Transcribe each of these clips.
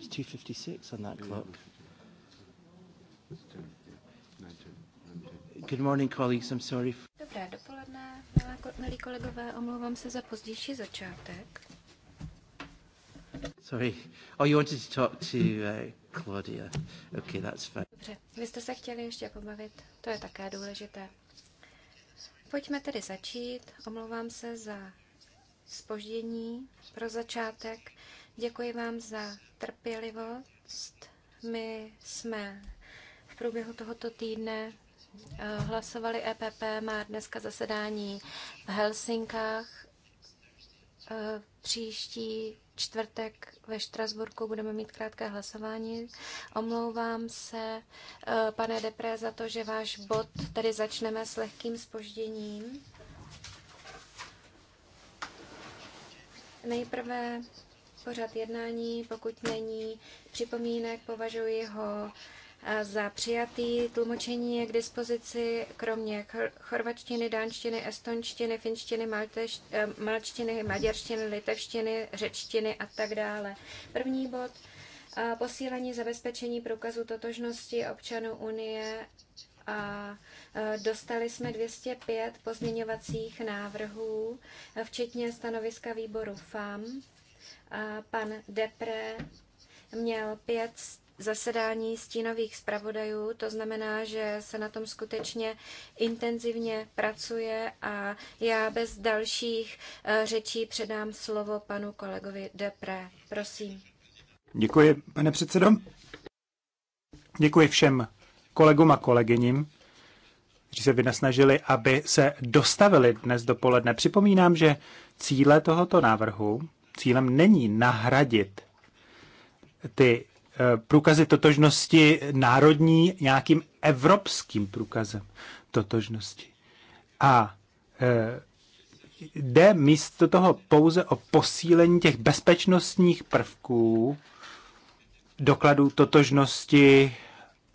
was 2.56 on that clock. Good morning, colleagues. I'm sorry. Dobré dopoledne, milí kolegové, omlouvám se za pozdější začátek. Sorry. Oh, you wanted to talk to uh, Claudia. Okay, that's fine. Dobře, vy jste se chtěli ještě pobavit, to je také důležité. Pojďme tedy začít. Omlouvám se za spoždění pro začátek. Děkuji vám za trpělivost. My jsme v průběhu tohoto týdne eh, hlasovali EPP, má dneska zasedání v Helsinkách. Eh, příští čtvrtek ve Štrasburku budeme mít krátké hlasování. Omlouvám se, eh, pane Depré, za to, že váš bod tady začneme s lehkým spožděním. Nejprve pořad jednání. Pokud není připomínek, považuji ho eh, za přijatý. Tlumočení je k dispozici kromě chorvačtiny, dánštiny, estonštiny, finštiny, malteš, eh, malčtiny, maďarštiny, litevštiny, řečtiny a tak dále. První bod eh, posílení zabezpečení průkazu totožnosti občanů Unie a dostali jsme 205 pozměňovacích návrhů, včetně stanoviska výboru FAM. A pan Depre měl pět zasedání stínových zpravodajů, to znamená, že se na tom skutečně intenzivně pracuje a já bez dalších eh, řečí předám slovo panu kolegovi Depré. Prosím. Děkuji, pane předsedo. Děkuji všem kolegům a kolegyním, kteří se vynasnažili, aby se dostavili dnes dopoledne. Připomínám, že cíle tohoto návrhu cílem není nahradit ty eh, průkazy totožnosti národní nějakým evropským průkazem totožnosti. A eh, jde místo toho pouze o posílení těch bezpečnostních prvků dokladů totožnosti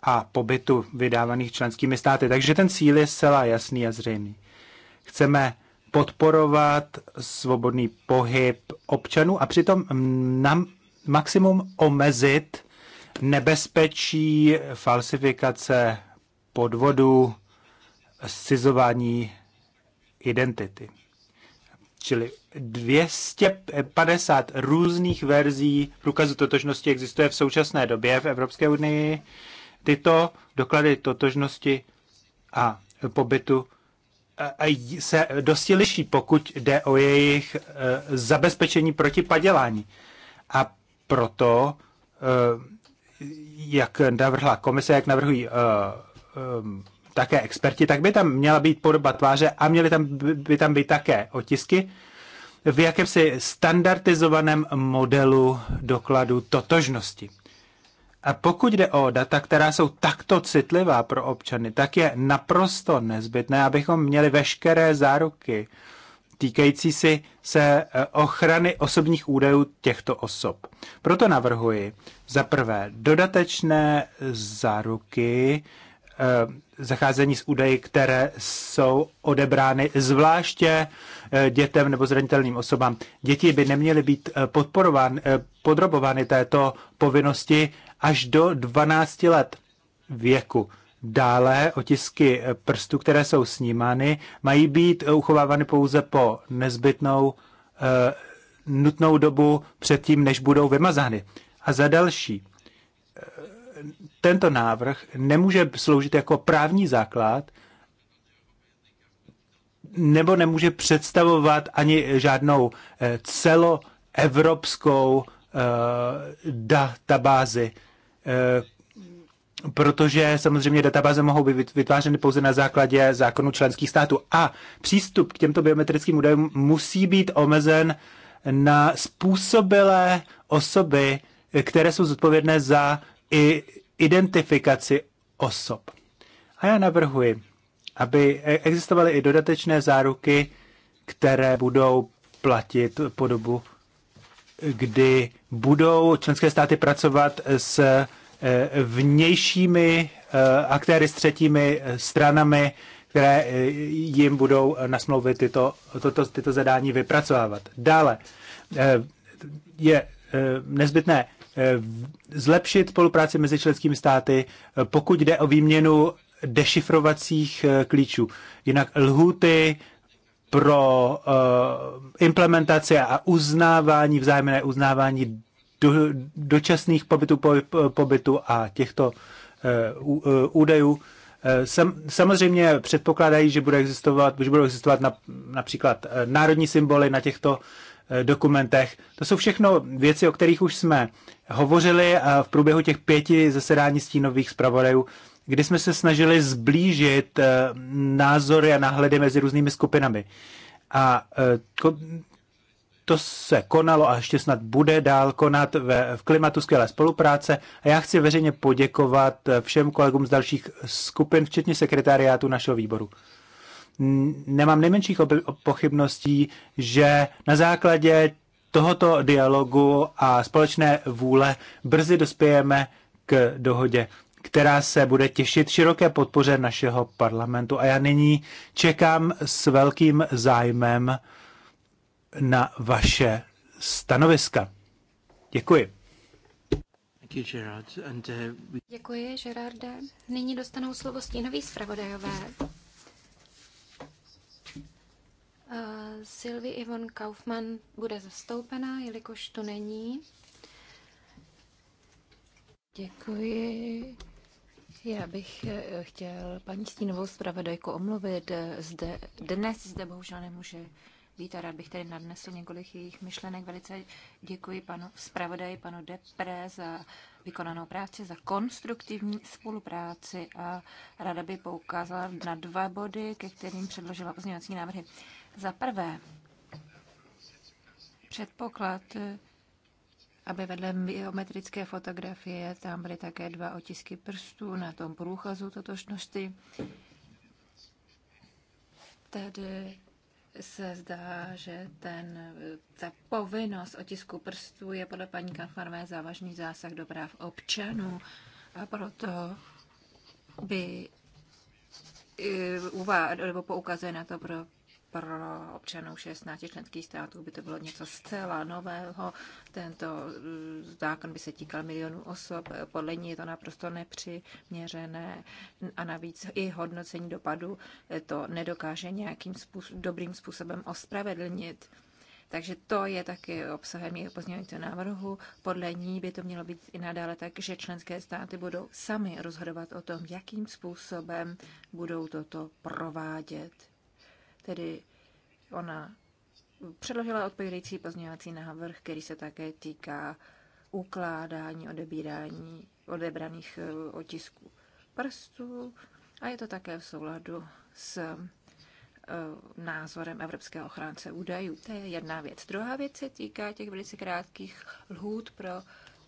a pobytu vydávaných členskými státy. Takže ten cíl je zcela jasný a zřejmý. Chceme podporovat svobodný pohyb občanů a přitom na maximum omezit nebezpečí falsifikace podvodu, scizování identity. Čili 250 různých verzí průkazu totožnosti existuje v současné době v Evropské unii. Tyto doklady totožnosti a pobytu se dosti liší, pokud jde o jejich e, zabezpečení proti padělání. A proto, e, jak navrhla komise, jak navrhují e, také experti, tak by tam měla být podoba tváře a měly tam, by tam být také otisky v jakémsi standardizovaném modelu dokladu totožnosti. A pokud jde o data, která jsou takto citlivá pro občany, tak je naprosto nezbytné, abychom měli veškeré záruky týkající si se e, ochrany osobních údajů těchto osob. Proto navrhuji za prvé dodatečné záruky e, zacházení s údaji, které jsou odebrány zvláště e, dětem nebo zranitelným osobám. Děti by neměly být podporovány, podrobovány této povinnosti až do 12 let věku. Dále otisky prstů, které jsou snímány, mají být uchovávány pouze po nezbytnou e, nutnou dobu předtím, než budou vymazány. A za další, eh, tento návrh nemůže sloužit jako právní základ nebo nemůže představovat ani žádnou eh, celoevropskou Eh, databázy, eh, protože samozřejmě databáze mohou být vytvářeny pouze na základě zákonu členských států a přístup k těmto biometrickým údajům musí být omezen na způsobilé osoby, které jsou zodpovědné za i identifikaci osob. A já navrhuji, aby e-, existovaly i dodatečné záruky, které budou platit po dobu kdy budou členské státy pracovat s eh, vnějšími eh, aktéry s třetími eh, stranami, které jim budou na smlouvy tyto, toto, tyto zadání vypracovávat. Dále je nezbytné zlepšit spolupráci mezi členskými státy, pokud jde o výměnu dešifrovacích klíčů. Jinak lhuty pro uh, implementaci a uznávání, vzájemné uznávání do, dočasných pobytů, po, pobytu a těchto uh, údajů. Sam, samozřejmě předpokládají, že, bude existovat, že budou existovat na, například národní symboly na těchto dokumentech. To jsou všechno věci, o kterých už jsme hovořili v průběhu těch pěti zasedání stínových zpravodajů kdy jsme se snažili zblížit eh, názory a náhledy mezi různými skupinami. A eh, to se konalo a ještě snad bude dál konat ve, v klimatu skvělé spolupráce. A já chci veřejně poděkovat eh, všem kolegům z dalších skupin, včetně sekretariátu našeho výboru. Nemám nejmenších pochybností, že na základě tohoto dialogu a společné vůle brzy dospějeme k dohodě která se bude těšit široké podpoře našeho parlamentu. A já nyní čekám s velkým zájmem na vaše stanoviska. Děkuji. Uh, Děkuji, Gerarde. Nyní dostanou slovo stínoví zpravodajové. Uh, Sylvie Ivon Kaufmann bude zastoupena, jelikož tu není. Děkuji. Já bych eh, chtěl paní Stínovou zpravodajku omluvit. Zde, dnes zde bohužel nemůže být a rád bych tady nadnesl několik jejich myšlenek. Velice děkuji panu zpravodaji, panu Depre za vykonanou práci, za konstruktivní spolupráci a ráda by poukázala na dva body, ke kterým předložila pozměňovací návrhy. Za prvé, předpoklad aby vedle biometrické fotografie tam byly také dva otisky prstů na tom průchazu totožnosti. Tedy se zdá, že ten, ta povinnost otisku prstů je podle paní Kanfarmé závažný zásah do práv občanů a proto by eh, uvá, nebo poukazuje na to pro pro občanů 16 členských států by to bylo něco zcela nového. Tento eh, zákon by se týkal milionů osob. Podle ní je to naprosto nepřiměřené a navíc i hodnocení dopadu eh, to nedokáže nějakým způsob, dobrým způsobem ospravedlnit. Takže to je taky obsahem jeho pozměňovacího návrhu. Podle ní by to mělo být i nadále tak, že členské státy budou sami rozhodovat o tom, jakým způsobem budou toto provádět tedy ona předložila odpovědající pozměňovací návrh, který se také týká ukládání, odebírání odebraných eh, otisků prstů a je to také v souladu s eh, názorem Evropského ochránce údajů. To je jedna věc. Druhá věc se týká těch velice krátkých lhůt pro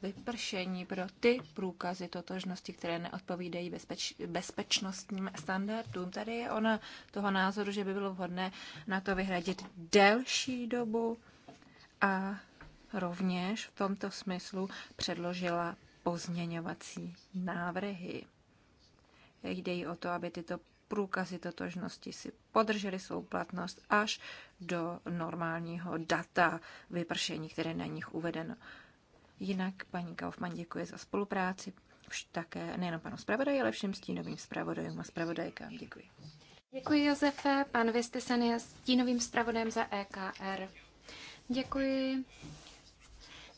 vypršení pro ty průkazy totožnosti, které neodpovídají bezpeč, bezpečnostním standardům. Tady je ona toho názoru, že by bylo vhodné na to vyhradit delší dobu a rovněž v tomto smyslu předložila pozměňovací návrhy. Jde jí o to, aby tyto průkazy totožnosti si podržely svou platnost až do normálního data vypršení, které na nich uvedeno. Jinak paní Kaufmann děkuje za spolupráci už také nejen panu zpravodaji, ale všem stínovým zpravodajům a zpravodajkám. Děkuji. Děkuji, Josefe. Pan Vestesen je stínovým zpravodajem za EKR. Děkuji.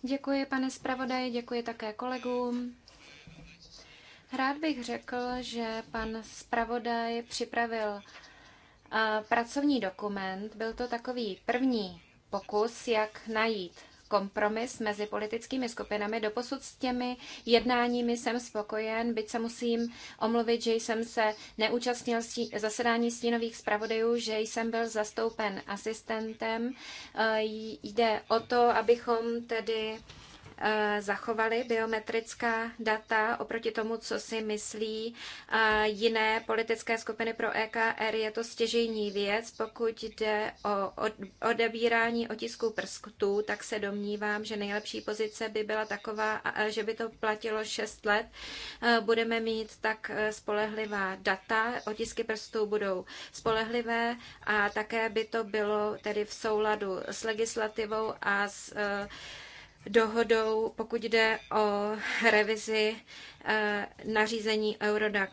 Děkuji, pane zpravodaji, děkuji také kolegům. Rád bych řekl, že pan zpravodaj připravil pracovní dokument. Byl to takový první pokus, jak najít kompromis mezi politickými skupinami. Doposud s těmi jednáními jsem spokojen, byť se musím omluvit, že jsem se neúčastnil zasedání stínových zpravodajů, že jsem byl zastoupen asistentem. Eh, jde o to, abychom tedy Eh, zachovali biometrická data. Oproti tomu, co si myslí eh, jiné politické skupiny pro EKR, je to stěžejní věc. Pokud jde o odebírání otisků prstů, tak se domnívám, že nejlepší pozice by byla taková, eh, že by to platilo 6 let. Budeme mít tak spolehlivá data, otisky prstů budou spolehlivé a také by to bylo tedy v souladu s legislativou a s dohodou, pokud jde o revizi eh, nařízení Eurodac.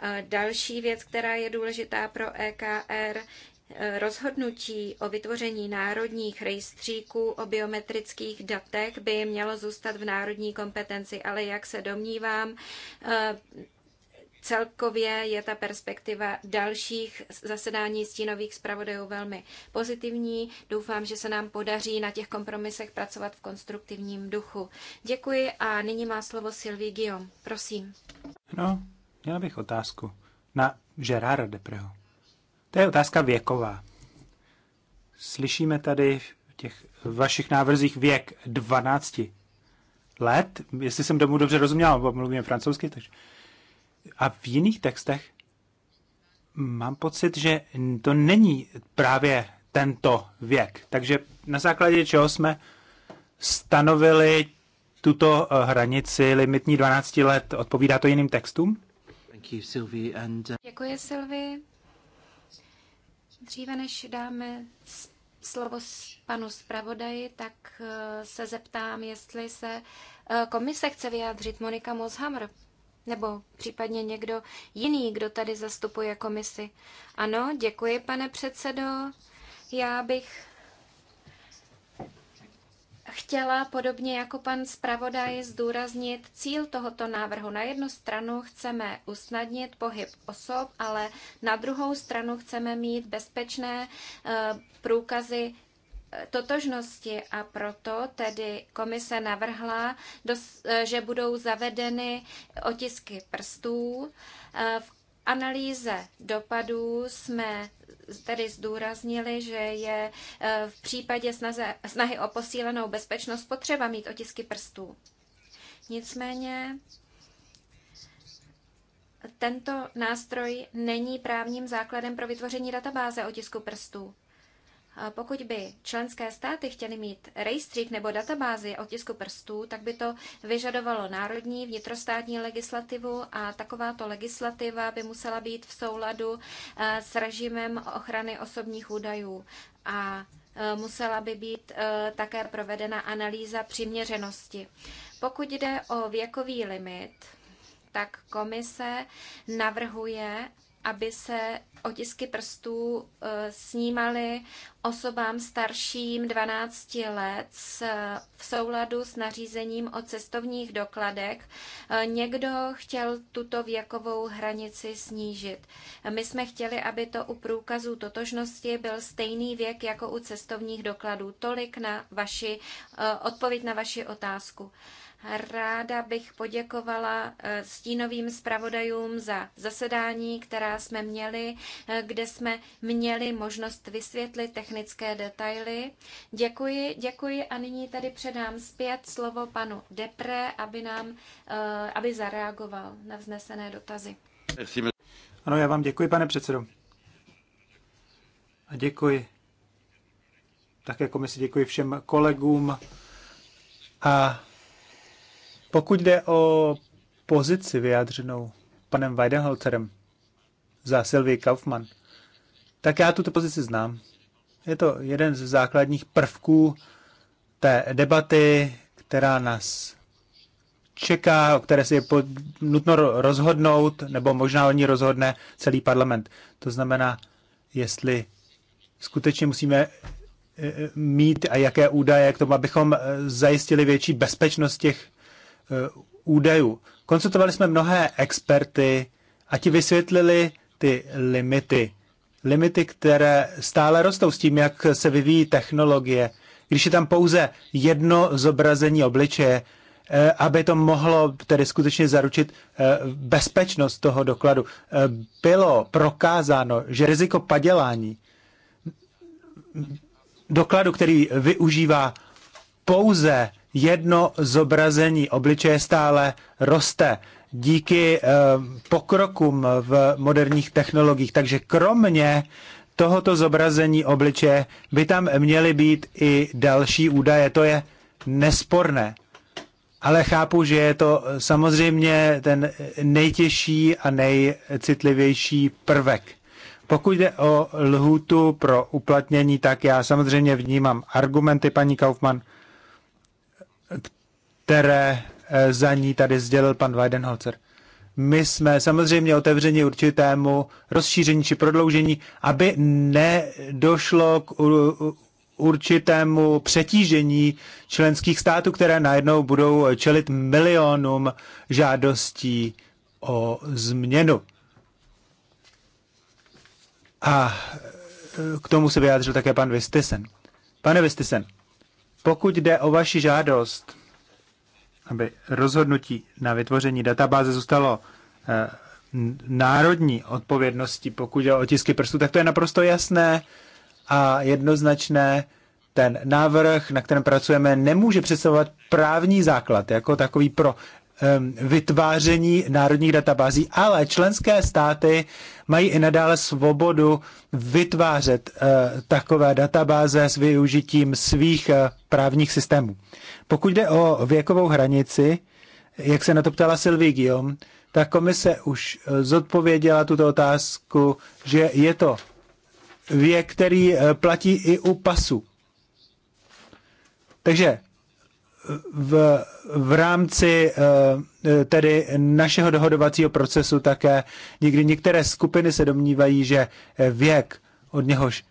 Eh, další věc, která je důležitá pro EKR, eh, rozhodnutí o vytvoření národních rejstříků o biometrických datech by mělo zůstat v národní kompetenci, ale jak se domnívám, Celkově je ta perspektiva dalších zasedání stínových zpravodajů velmi pozitivní. Doufám, že se nám podaří na těch kompromisech pracovat v konstruktivním duchu. Děkuji a nyní má slovo Sylvie Guillaume. Prosím. No, měla bych otázku na Gerarda Depreho. To je otázka věková. Slyšíme tady v těch vašich návrzích věk 12 let, jestli jsem tomu dobře rozuměla, mluvíme francouzsky, takže a v jiných textech mám pocit, že to není právě tento věk. Takže na základě čeho jsme stanovili tuto eh, hranici limitní 12 let, odpovídá to jiným textům? Eh, Děkuji, Silvi. Dříve než dáme slovo panu zpravodaji, tak eh, se zeptám, jestli se komise chce vyjádřit Monika Mozhamr. Nebo případně někdo jiný, kdo tady zastupuje komisi. Ano, děkuji, pane předsedo. Já bych chtěla podobně jako pan zpravodaj zdůraznit cíl tohoto návrhu. Na jednu stranu chceme usnadnit pohyb osob, ale na druhou stranu chceme mít bezpečné eh, průkazy totožnosti a proto tedy komise navrhla, eh, že budou zavedeny otisky prstů. Eh, v analýze dopadů jsme tedy zdůraznili, že je eh, v případě snahy o posílenou bezpečnost potřeba mít otisky prstů. Nicméně tento nástroj není právním základem pro vytvoření databáze otisku prstů pokud by členské státy chtěly mít rejstřík nebo databázi otisku prstů, tak by to vyžadovalo národní vnitrostátní legislativu a takováto legislativa by musela být v souladu eh, s režimem ochrany osobních údajů a eh, musela by být eh, také provedena analýza přiměřenosti. Pokud jde o věkový limit, tak komise navrhuje, aby se otisky prstů eh, snímaly osobám starším 12 let v souladu s nařízením o cestovních dokladech. Eh, někdo chtěl tuto věkovou hranici snížit. My jsme chtěli, aby to u průkazů totožnosti byl stejný věk jako u cestovních dokladů. Tolik na vaši eh, odpověď na vaši otázku. Ráda bych poděkovala eh, stínovým zpravodajům za zasedání, která jsme měli, eh, kde jsme měli možnost vysvětlit technické detaily. Děkuji, děkuji a nyní tady předám zpět slovo panu Depre, aby nám, eh, aby zareagoval na vznesené dotazy. Ano, já vám děkuji, pane předsedo. A děkuji. Také komisi jako děkuji všem kolegům a pokud jde o pozici vyjádřenou panem Weidenholzerem za Sylvie Kaufmann, tak já tuto pozici znám. Je to jeden z základních prvků té debaty, která nás čeká, o které si je nutno rozhodnout, nebo možná o ní rozhodne celý parlament. To znamená, jestli skutečně musíme e, e, mít a jaké údaje k tomu, abychom e, zajistili větší bezpečnost těch Eh, údajů. Konsultovali jsme mnohé experty a ti vysvětlili ty limity. Limity, které stále rostou s tím, jak se vyvíjí technologie. Když je tam pouze jedno zobrazení obličeje, eh, aby to mohlo tedy skutečně zaručit eh, bezpečnost toho dokladu. Bylo prokázáno, že riziko padělání dokladu, který využívá pouze jedno zobrazení obličeje stále roste díky eh, pokrokům v moderních technologiích. Takže kromě tohoto zobrazení obličeje by tam měly být i další údaje. To je nesporné. Ale chápu, že je to samozřejmě ten nejtěžší a nejcitlivější prvek. Pokud jde o lhůtu pro uplatnění, tak já samozřejmě vnímám argumenty paní Kaufmann, které eh, za ní tady sdělil pan Weidenholzer. My jsme samozřejmě otevřeni určitému rozšíření či prodloužení, aby nedošlo k určitému přetížení členských států, které najednou budou čelit milionům žádostí o změnu. A eh, k tomu se vyjádřil také pan Vistisen. Pane Vistisen, pokud jde o vaši žádost aby rozhodnutí na vytvoření databáze zůstalo eh, národní odpovědnosti, pokud je o otisky prstů, tak to je naprosto jasné a jednoznačné. Ten návrh, na kterém pracujeme, nemůže představovat právní základ jako takový pro um, vytváření národních databází, ale členské státy mají i nadále svobodu vytvářet uh, takové databáze s využitím svých uh, právních systémů. Pokud jde o věkovou hranici, jak se na to ptala Sylvie Guillaume, tak komise už eh, zodpověděla tuto otázku, že je to věk, který eh, platí i u pasu. Takže eh, v, v rámci tedy našeho dohodovacího procesu také někdy některé skupiny se domnívají, že věk, od něhož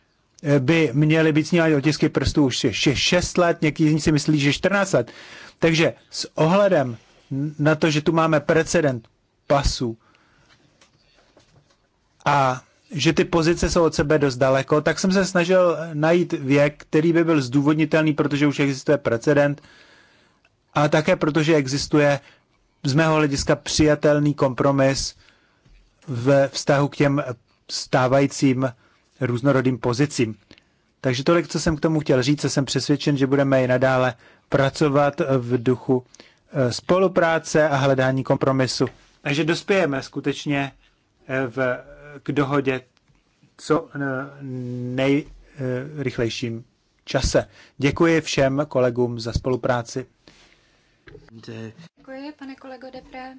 Eh, by měly být snímány otisky prstů už 6 let, někteří si myslí, že 14 let. Takže s ohledem na to, že tu máme precedent pasu a že ty pozice jsou od sebe dost daleko, tak jsem se snažil najít věk, který by byl zdůvodnitelný, protože už existuje precedent a také protože existuje z mého hlediska přijatelný kompromis ve vztahu k těm stávajícím různorodým pozicím. Takže tolik, co jsem k tomu chtěl říct, co jsem přesvědčen, že budeme i nadále pracovat v duchu eh, spolupráce a hledání kompromisu. Takže dospějeme skutečně eh, v, k dohodě co eh, nejrychlejším čase. Děkuji všem kolegům za spolupráci. Děkuji, pane kolego Depré.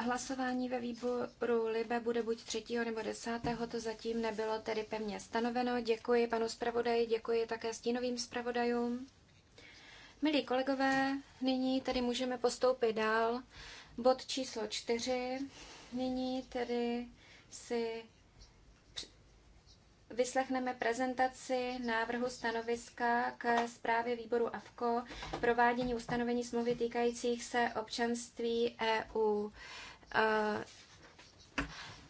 Hlasování ve výboru Libe bude buď 3. nebo 10. To zatím nebylo tedy pevně stanoveno. Děkuji panu zpravodaji, děkuji také stínovým zpravodajům. Milí kolegové, nyní tedy můžeme postoupit dál. Bod číslo 4. Nyní tedy si vyslechneme prezentaci návrhu stanoviska k zprávě výboru AFKO provádění ustanovení smlouvy týkajících se občanství EU. Eh,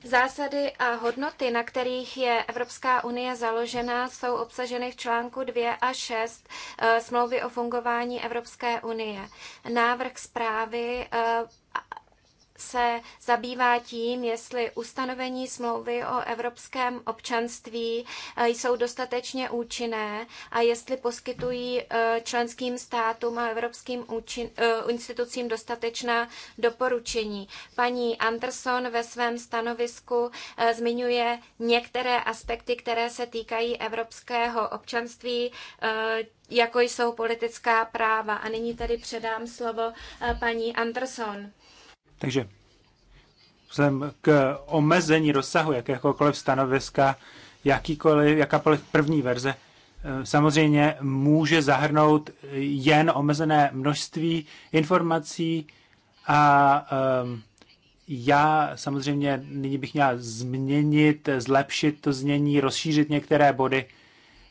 zásady a hodnoty, na kterých je Evropská unie založena, jsou obsaženy v článku 2 a 6 eh, smlouvy o fungování Evropské unie. Návrh zprávy eh, se zabývá tím, jestli ustanovení smlouvy o evropském občanství eh, jsou dostatečně účinné a jestli poskytují eh, členským státům a evropským účin, eh, institucím dostatečná doporučení. Paní Anderson ve svém stanovisku zmiňuje některé aspekty, které se týkají evropského občanství jako jsou politická práva. A nyní tedy předám slovo paní Anderson. Takže vzhledem k omezení rozsahu jakéhokoliv stanoviska, jakýkoliv, jakákoliv první verze, eh, samozřejmě může zahrnout jen omezené množství informací a ehm, já samozřejmě nyní bych měl změnit, zlepšit to znění, rozšířit některé body,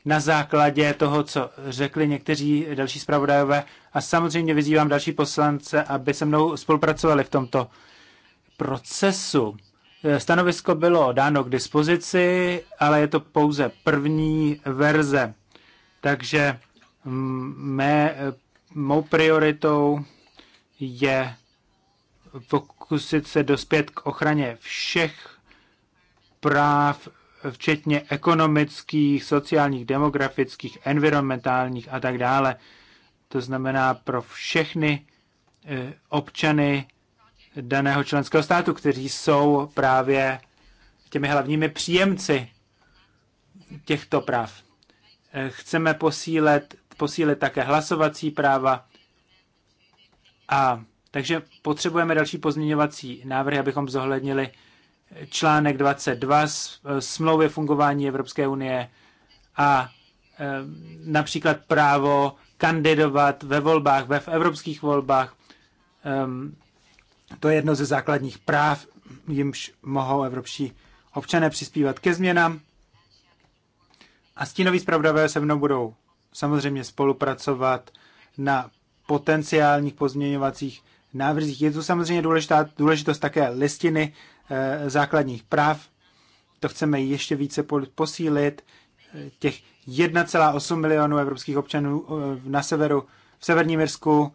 na základě toho, co řekli někteří další zpravodajové. A samozřejmě vyzývám další poslance, aby se mnou spolupracovali v tomto procesu. Stanovisko bylo dáno k dispozici, ale je to pouze první verze. Takže mé, mou prioritou je pokusit se dospět k ochraně všech práv včetně ekonomických, sociálních, demografických, environmentálních a tak dále. To znamená pro všechny eh, občany daného členského státu, kteří jsou právě těmi hlavními příjemci těchto práv. Eh, chceme posílet, posílit také hlasovací práva a takže potřebujeme další pozměňovací návrhy, abychom zohlednili článek 22 eh, smlouvy fungování Evropské unie a eh, například právo kandidovat ve volbách, ve v evropských volbách. Ehm, to je jedno ze základních práv, jimž mohou evropští občané přispívat ke změnám. A stínoví zpravdavé se mnou budou samozřejmě spolupracovat na potenciálních pozměňovacích návrzích. Je tu samozřejmě důležitá, důležitost také listiny Eh, základních práv. To chceme ještě více posílit. Těch 1,8 milionů evropských občanů eh, na severu, v severním Irsku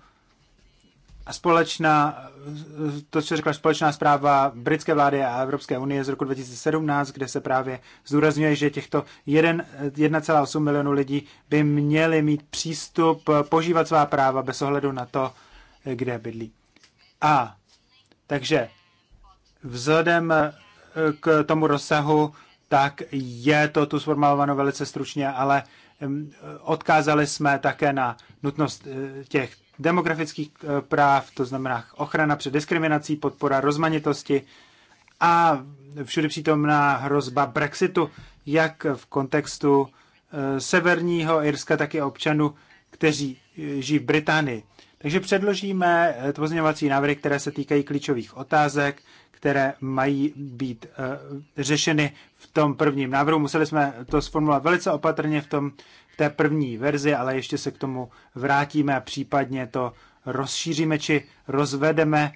a společná, eh, to, co řekla společná zpráva britské vlády a Evropské unie z roku 2017, kde se právě zdůrazňuje, že těchto 1,8 milionů lidí by měli mít přístup požívat svá práva bez ohledu na to, kde bydlí. A takže Vzhledem eh, k tomu rozsahu, tak je to tu sformulováno velice stručně, ale eh, odkázali jsme také na nutnost eh, těch demografických práv, to znamená ochrana před diskriminací, podpora rozmanitosti a všude přítomná hrozba Brexitu, jak v kontextu severního Irska, tak i občanů, kteří žijí v Británii. Takže předložíme pozměňovací návrhy, které se týkají klíčových otázek, které mají být eh, řešeny v tom prvním návrhu. Museli jsme to sformulovat velice opatrně v, tom, v té první verzi, ale ještě se k tomu vrátíme a případně to rozšíříme či rozvedeme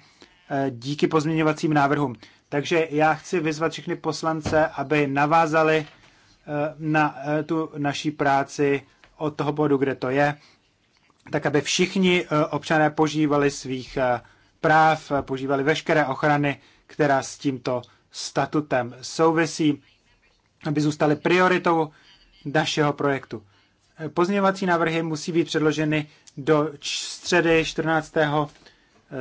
eh, díky pozměňovacím návrhům. Takže já chci vyzvat všechny poslance, aby navázali eh, na tu naší práci od toho bodu, kde to je, tak aby všichni občané požívali svých práv, požívali veškeré ochrany, která s tímto statutem souvisí, aby zůstaly prioritou našeho projektu. Pozměňovací návrhy musí být předloženy do středy 14.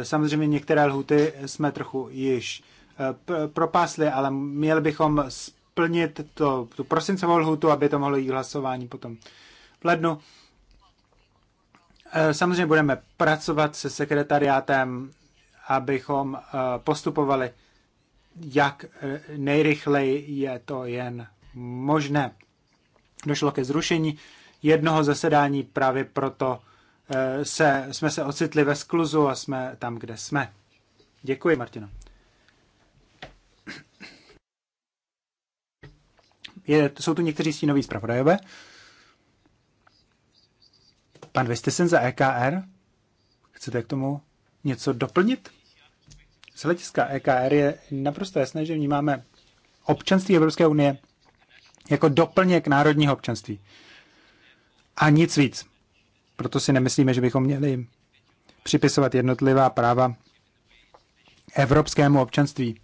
Samozřejmě některé lhuty jsme trochu již eh, propásli, ale měli bychom splnit to, tu prosincovou lhutu, aby to mohlo jít hlasování potom v lednu. Eh, samozřejmě budeme pracovat se sekretariátem abychom eh, postupovali, jak eh, nejrychleji je to jen možné. Došlo ke zrušení jednoho zasedání, právě proto eh, se, jsme se ocitli ve skluzu a jsme tam, kde jsme. Děkuji, Martino. Je, jsou tu někteří stínoví zpravodajové. Pan Vistesen za EKR. Chcete k tomu něco doplnit? Z hlediska EKR je naprosto jasné, že vnímáme občanství Evropské unie jako doplněk národního občanství. A nic víc. Proto si nemyslíme, že bychom měli připisovat jednotlivá práva evropskému občanství.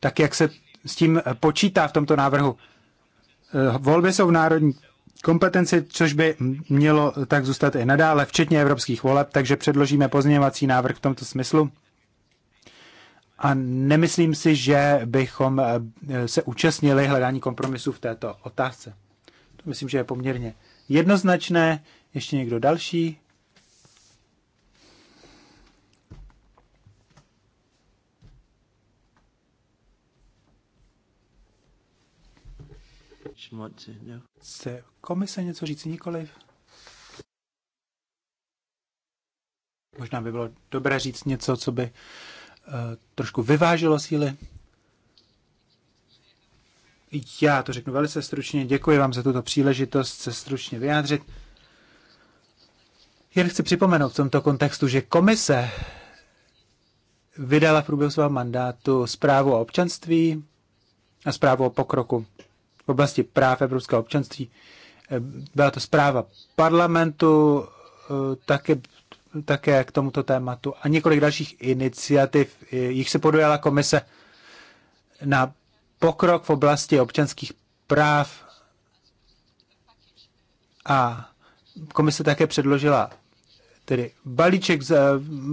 Tak, jak se s tím počítá v tomto návrhu. Eh, volby jsou v národní kompetenci, což by mělo tak zůstat i nadále, včetně evropských voleb, takže předložíme pozměňovací návrh v tomto smyslu. A nemyslím si, že bychom eh, se účastnili hledání kompromisu v této otázce. To myslím, že je poměrně jednoznačné. Ještě někdo další? Chce komise něco říct nikoliv? Možná by bylo dobré říct něco, co by Eh, trošku vyvážilo síly. Já to řeknu velice stručně. Děkuji vám za tuto příležitost se stručně vyjádřit. Jen chci připomenout v tomto kontextu, že komise vydala v průběhu svého mandátu zprávu o občanství a zprávu o pokroku v oblasti práv evropského občanství. Eh, byla to zpráva parlamentu, eh, také také k tomuto tématu a několik dalších iniciativ, jich se podujala komise na pokrok v oblasti občanských práv a komise také předložila tedy balíček z eh,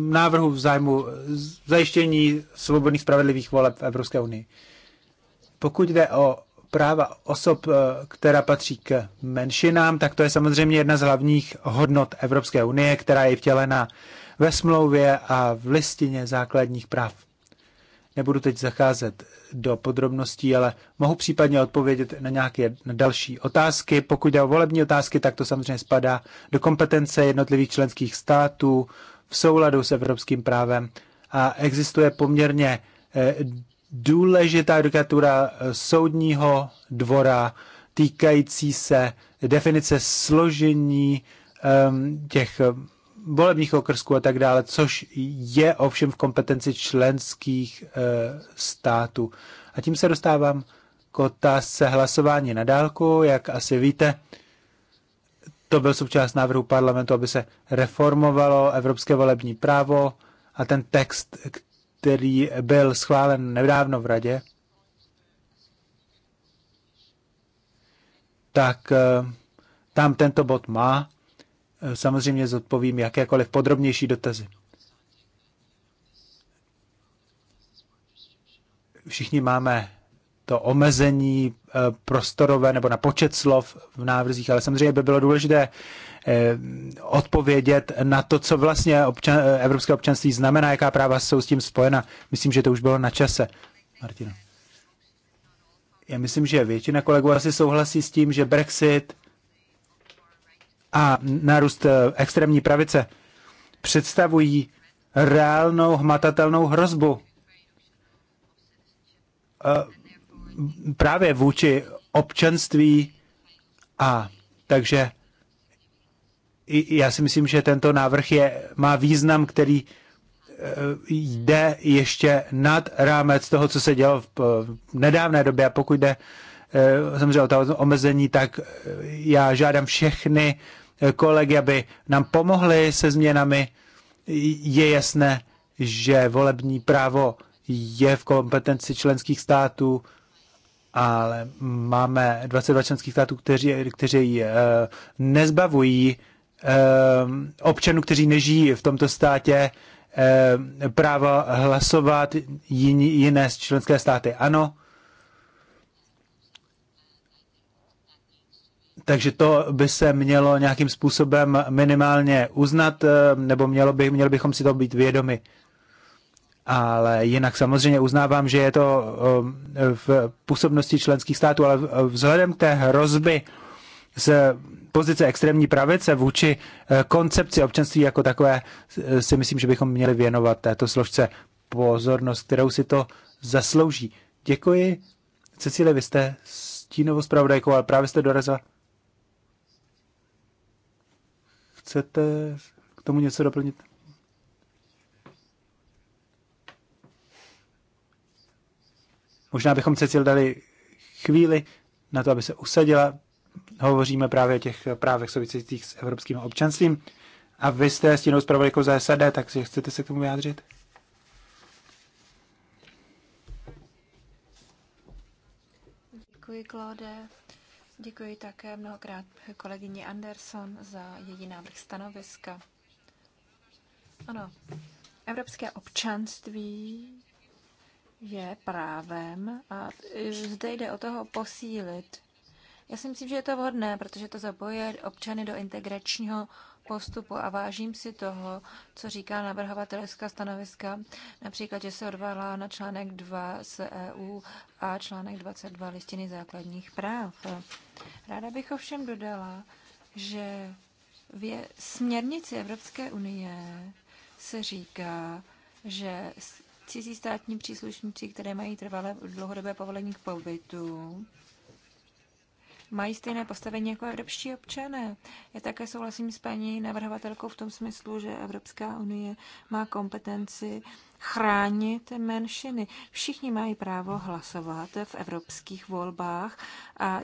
návrhu v zájmu zajištění svobodných spravedlivých voleb v Evropské unii. Pokud jde o práva osob, eh, která patří k menšinám, tak to je samozřejmě jedna z hlavních hodnot Evropské unie, která je vtělena ve smlouvě a v listině základních práv. Nebudu teď zacházet do podrobností, ale mohu případně odpovědět na nějaké další otázky. Pokud jde o volební otázky, tak to samozřejmě spadá do kompetence jednotlivých členských států v souladu s evropským právem a existuje poměrně eh, důležitá judikatura eh, soudního dvora týkající se definice složení um, těch eh, volebních okrsků a tak dále, což je ovšem v kompetenci členských e, států. A tím se dostávám k otázce hlasování na dálku. Jak asi víte, to byl součást návrhu parlamentu, aby se reformovalo evropské volební právo a ten text, který byl schválen nedávno v radě, tak eh, tam tento bod má. Eh, samozřejmě zodpovím jakékoliv podrobnější dotazy. Všichni máme to omezení eh, prostorové nebo na počet slov v návrzích, ale samozřejmě by bylo důležité Eh, odpovědět na to, co vlastně občan, eh, evropské občanství znamená, jaká práva jsou s tím spojena. Myslím, že to už bylo na čase. Martina. Já myslím, že většina kolegů asi souhlasí s tím, že Brexit a nárůst eh, extrémní pravice představují reálnou hmatatelnou hrozbu právě vůči občanství a takže já si myslím, že tento návrh je, má význam, který eh, jde ještě nad rámec toho, co se dělo v eh, nedávné době. A pokud jde eh, samozřejmě o to omezení, tak já žádám všechny kolegy, aby nám pomohli se změnami. Je jasné, že volební právo je v kompetenci členských států, ale máme 22 členských států, kteří, kteří nezbavují Ehm, občanů, kteří nežijí v tomto státě, ehm, práva hlasovat jiné členské státy. Ano. Takže to by se mělo nějakým způsobem minimálně uznat, ehm, nebo mělo by, měli bychom si to být vědomi. Ale jinak samozřejmě uznávám, že je to v působnosti členských států, ale vzhledem k té hrozby se pozice extrémní pravice vůči eh, koncepci občanství jako takové eh, si myslím, že bychom měli věnovat této složce pozornost, kterou si to zaslouží. Děkuji. Cecíle, vy jste stínovou zpravodajkou, ale právě jste dorazila. Chcete k tomu něco doplnit? Možná bychom Cecil dali chvíli na to, aby se usadila, hovoříme právě o těch právech souvisejících s evropským občanstvím. A vy jste s tím zpravodajkou za SAD, takže chcete se k tomu vyjádřit? Děkuji, Claude. Děkuji také mnohokrát kolegyni Anderson za její návrh stanoviska. Ano, evropské občanství je právem a zde jde o toho posílit já si myslím, že je to vhodné, protože to zapojuje občany do integračního postupu a vážím si toho, co říká navrhovatelská stanoviska, například, že se odvalá na článek 2 z EU a článek 22 listiny základních práv. Ráda bych ovšem dodala, že v směrnici Evropské unie se říká, že cizí státní příslušníci, které mají trvalé dlouhodobé povolení k pobytu, mají stejné postavení jako evropští občané. Já také souhlasím s paní navrhovatelkou v tom smyslu, že Evropská unie má kompetenci chránit menšiny. Všichni mají právo hlasovat v evropských volbách a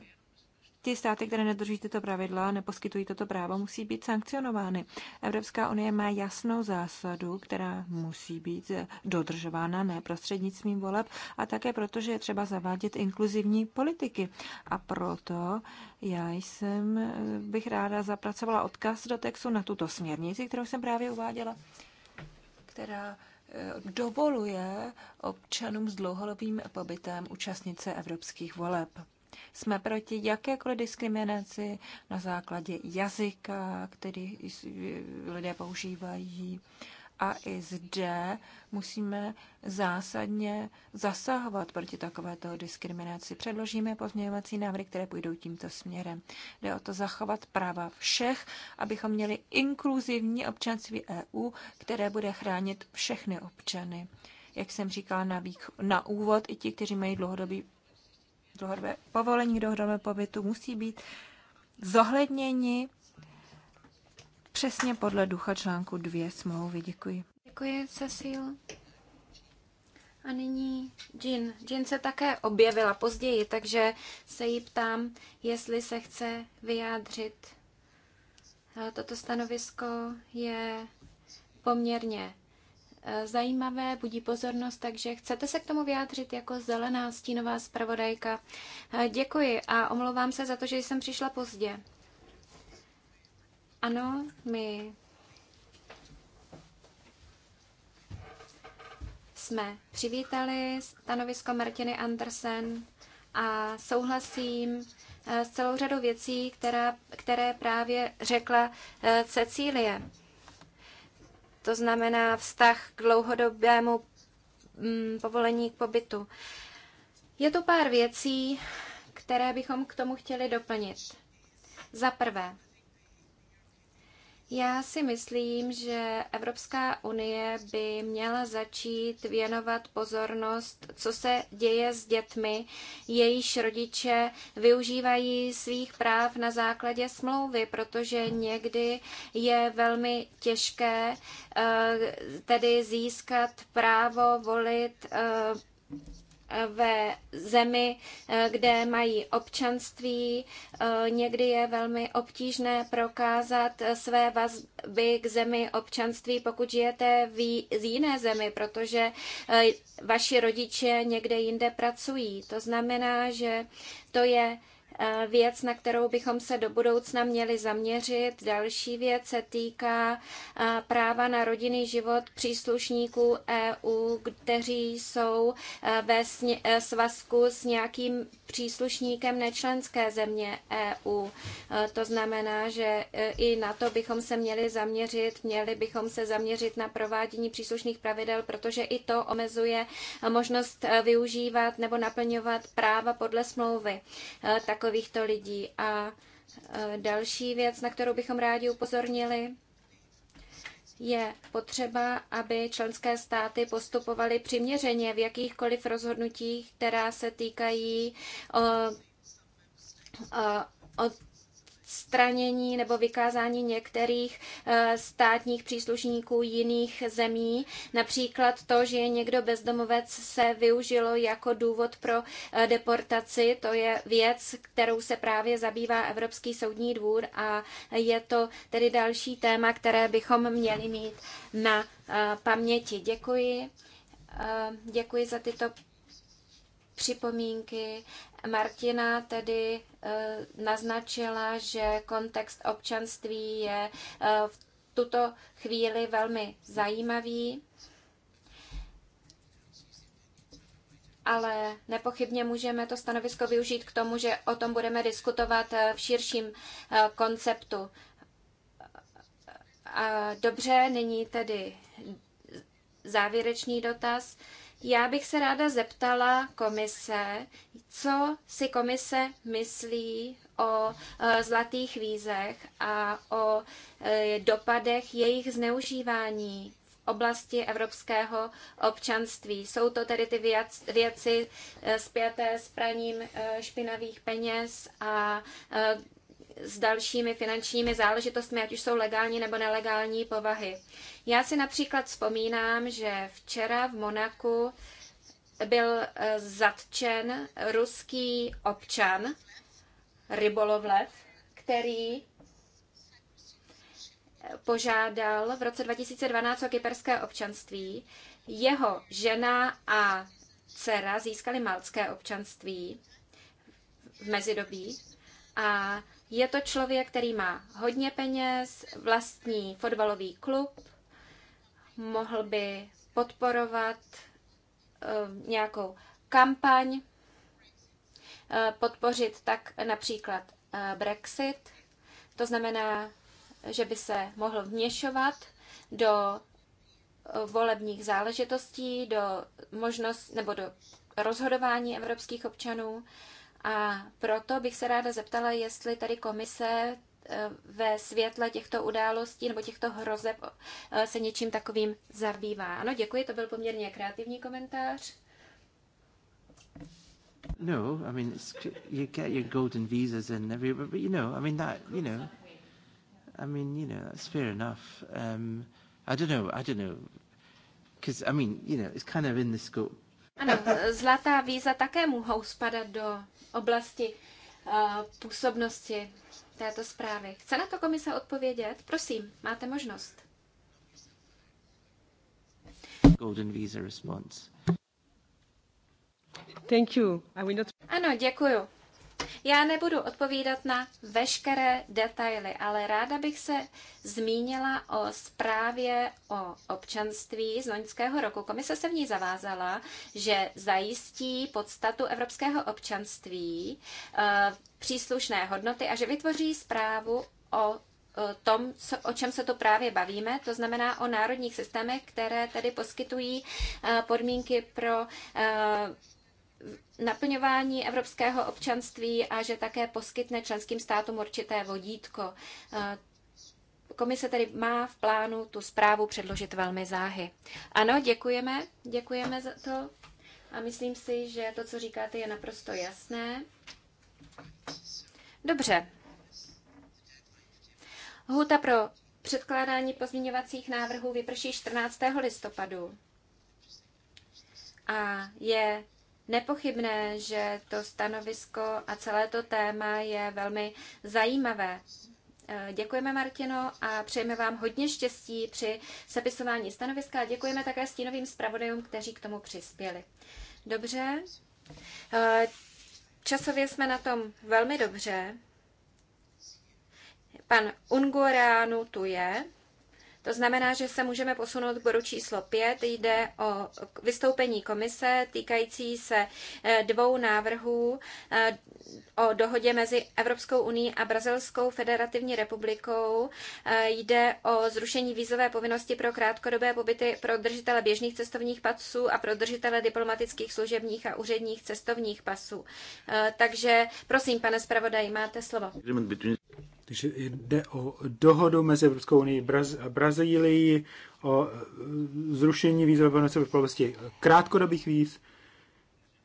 ty státy, které nedrží tyto pravidla, neposkytují toto právo, musí být sankcionovány. Evropská unie má jasnou zásadu, která musí být dodržována ne prostřednictvím voleb a také proto, že je třeba zavádět inkluzivní politiky. A proto já jsem, bych ráda zapracovala odkaz do textu na tuto směrnici, kterou jsem právě uváděla, která eh, dovoluje občanům s dlouholovým pobytem účastnice evropských voleb. Jsme proti jakékoliv diskriminaci na základě jazyka, který lidé používají. A i zde musíme zásadně zasahovat proti takovéto diskriminaci. Předložíme pozměňovací návrhy, které půjdou tímto směrem. Jde o to zachovat práva všech, abychom měli inkluzivní občanství EU, které bude chránit všechny občany. Jak jsem říkala na, vých- na úvod, i ti, kteří mají dlouhodobý dlouhodobé povolení k dlouhodobé pobytu musí být zohledněni přesně podle ducha článku 2 smlouvy. Děkuji. Děkuji, Cecil. A nyní Jin. Jin se také objevila později, takže se jí ptám, jestli se chce vyjádřit. Toto stanovisko je poměrně Eh, zajímavé, budí pozornost, takže chcete se k tomu vyjádřit jako zelená stínová zpravodajka. Eh, děkuji a omlouvám se za to, že jsem přišla pozdě. Ano, my jsme přivítali stanovisko Martiny Andersen a souhlasím eh, s celou řadou věcí, která, které právě řekla Cecílie to znamená vztah k dlouhodobému mm, povolení k pobytu. Je tu pár věcí, které bychom k tomu chtěli doplnit. Za prvé, já si myslím, že Evropská unie by měla začít věnovat pozornost, co se děje s dětmi, jejíž rodiče využívají svých práv na základě smlouvy, protože někdy je velmi těžké eh, tedy získat právo volit eh, ve zemi, eh, kde mají občanství. Eh, někdy je velmi obtížné prokázat eh, své vazby k zemi občanství, pokud žijete v jiné zemi, protože vaši rodiče někde jinde pracují. To znamená, že to je Eh, věc, na kterou bychom se do budoucna měli zaměřit. Další věc se týká eh, práva na rodinný život příslušníků EU, kteří jsou eh, ve svazku s nějakým příslušníkem nečlenské země EU. To znamená, že i na to bychom se měli zaměřit, měli bychom se zaměřit na provádění příslušných pravidel, protože i to omezuje možnost využívat nebo naplňovat práva podle smlouvy. Tak takovýchto lidí. A e, další věc, na kterou bychom rádi upozornili, je potřeba, aby členské státy postupovaly přiměřeně v jakýchkoliv rozhodnutích, která se týkají o, o, o odstranění nebo vykázání některých eh, státních příslušníků jiných zemí. Například to, že je někdo bezdomovec, se využilo jako důvod pro eh, deportaci. To je věc, kterou se právě zabývá Evropský soudní dvůr a je to tedy další téma, které bychom měli mít na eh, paměti. Děkuji. Děkuji za tyto připomínky. Martina tedy eh, naznačila, že kontext občanství je eh, v tuto chvíli velmi zajímavý, ale nepochybně můžeme to stanovisko využít k tomu, že o tom budeme diskutovat eh, v širším konceptu. Dobře, nyní tedy závěrečný dotaz. Já bych se ráda zeptala komise, co si komise myslí o e, zlatých vízech a o e, dopadech jejich zneužívání v oblasti evropského občanství. Jsou to tedy ty věci e, spjaté s praním špinavých peněz a s dalšími finančními záležitostmi, ať už jsou legální nebo nelegální povahy. Já si například vzpomínám, že včera v Monaku byl eh, zatčen ruský občan, rybolovlev, který eh, požádal v roce 2012 o kyperské občanství. Jeho žena a dcera získali malcké občanství v mezidobí a je to člověk, který má hodně peněz, vlastní fotbalový klub, mohl by podporovat uh, nějakou kampaň, uh, podpořit tak například uh, Brexit, to znamená, že by se mohl vměšovat do volebních záležitostí, do možnost nebo do rozhodování evropských občanů. A proto bych se ráda zeptala, jestli tady komise eh, ve světle těchto událostí nebo těchto hrozeb eh, se něčím takovým zabývá. Ano, děkuji, to byl poměrně kreativní komentář. No, I mean, it's, you get your golden visas and everywhere, but you know, I mean that, you know, I mean, you know, that's fair enough. Um, I don't know, I don't know, because I mean, you know, it's kind of in the scope ano, zlatá víza také mohou spadat do oblasti uh, působnosti této zprávy. Chce na to komise odpovědět? Prosím, máte možnost. Golden visa response. Thank you. I will not... Ano, děkuju. Já nebudu odpovídat na veškeré detaily, ale ráda bych se zmínila o zprávě o občanství z loňského roku. Komise se v ní zavázala, že zajistí podstatu evropského občanství eh, příslušné hodnoty a že vytvoří zprávu o eh, tom, o čem se to právě bavíme, to znamená o národních systémech, které tedy poskytují eh, podmínky pro naplňování evropského občanství a že také poskytne členským státům určité vodítko. Eh, komise tedy má v plánu tu zprávu předložit velmi záhy. Ano, děkujeme, děkujeme za to a myslím si, že to, co říkáte, je naprosto jasné. Dobře. Huta pro předkládání pozměňovacích návrhů vyprší 14. listopadu a je nepochybné, že to stanovisko a celé to téma je velmi zajímavé. Eh, děkujeme, Martino, a přejeme vám hodně štěstí při sepisování stanoviska a děkujeme také stínovým zpravodajům, kteří k tomu přispěli. Dobře. Eh, časově jsme na tom velmi dobře. Pan Ungoreanu tu je. To znamená, že se můžeme posunout k bodu číslo 5. Jde o vystoupení komise týkající se e, dvou návrhů e, o dohodě mezi Evropskou uní a Brazilskou federativní republikou. E, jde o zrušení vízové povinnosti pro krátkodobé pobyty pro držitele běžných cestovních pasů a pro držitele diplomatických služebních a úředních cestovních pasů. Takže prosím, pane zpravodaj, máte slovo. Takže jde o dohodu mezi Evropskou unii a Brazílií, o e, zrušení výzvy v oblasti krátkodobých víz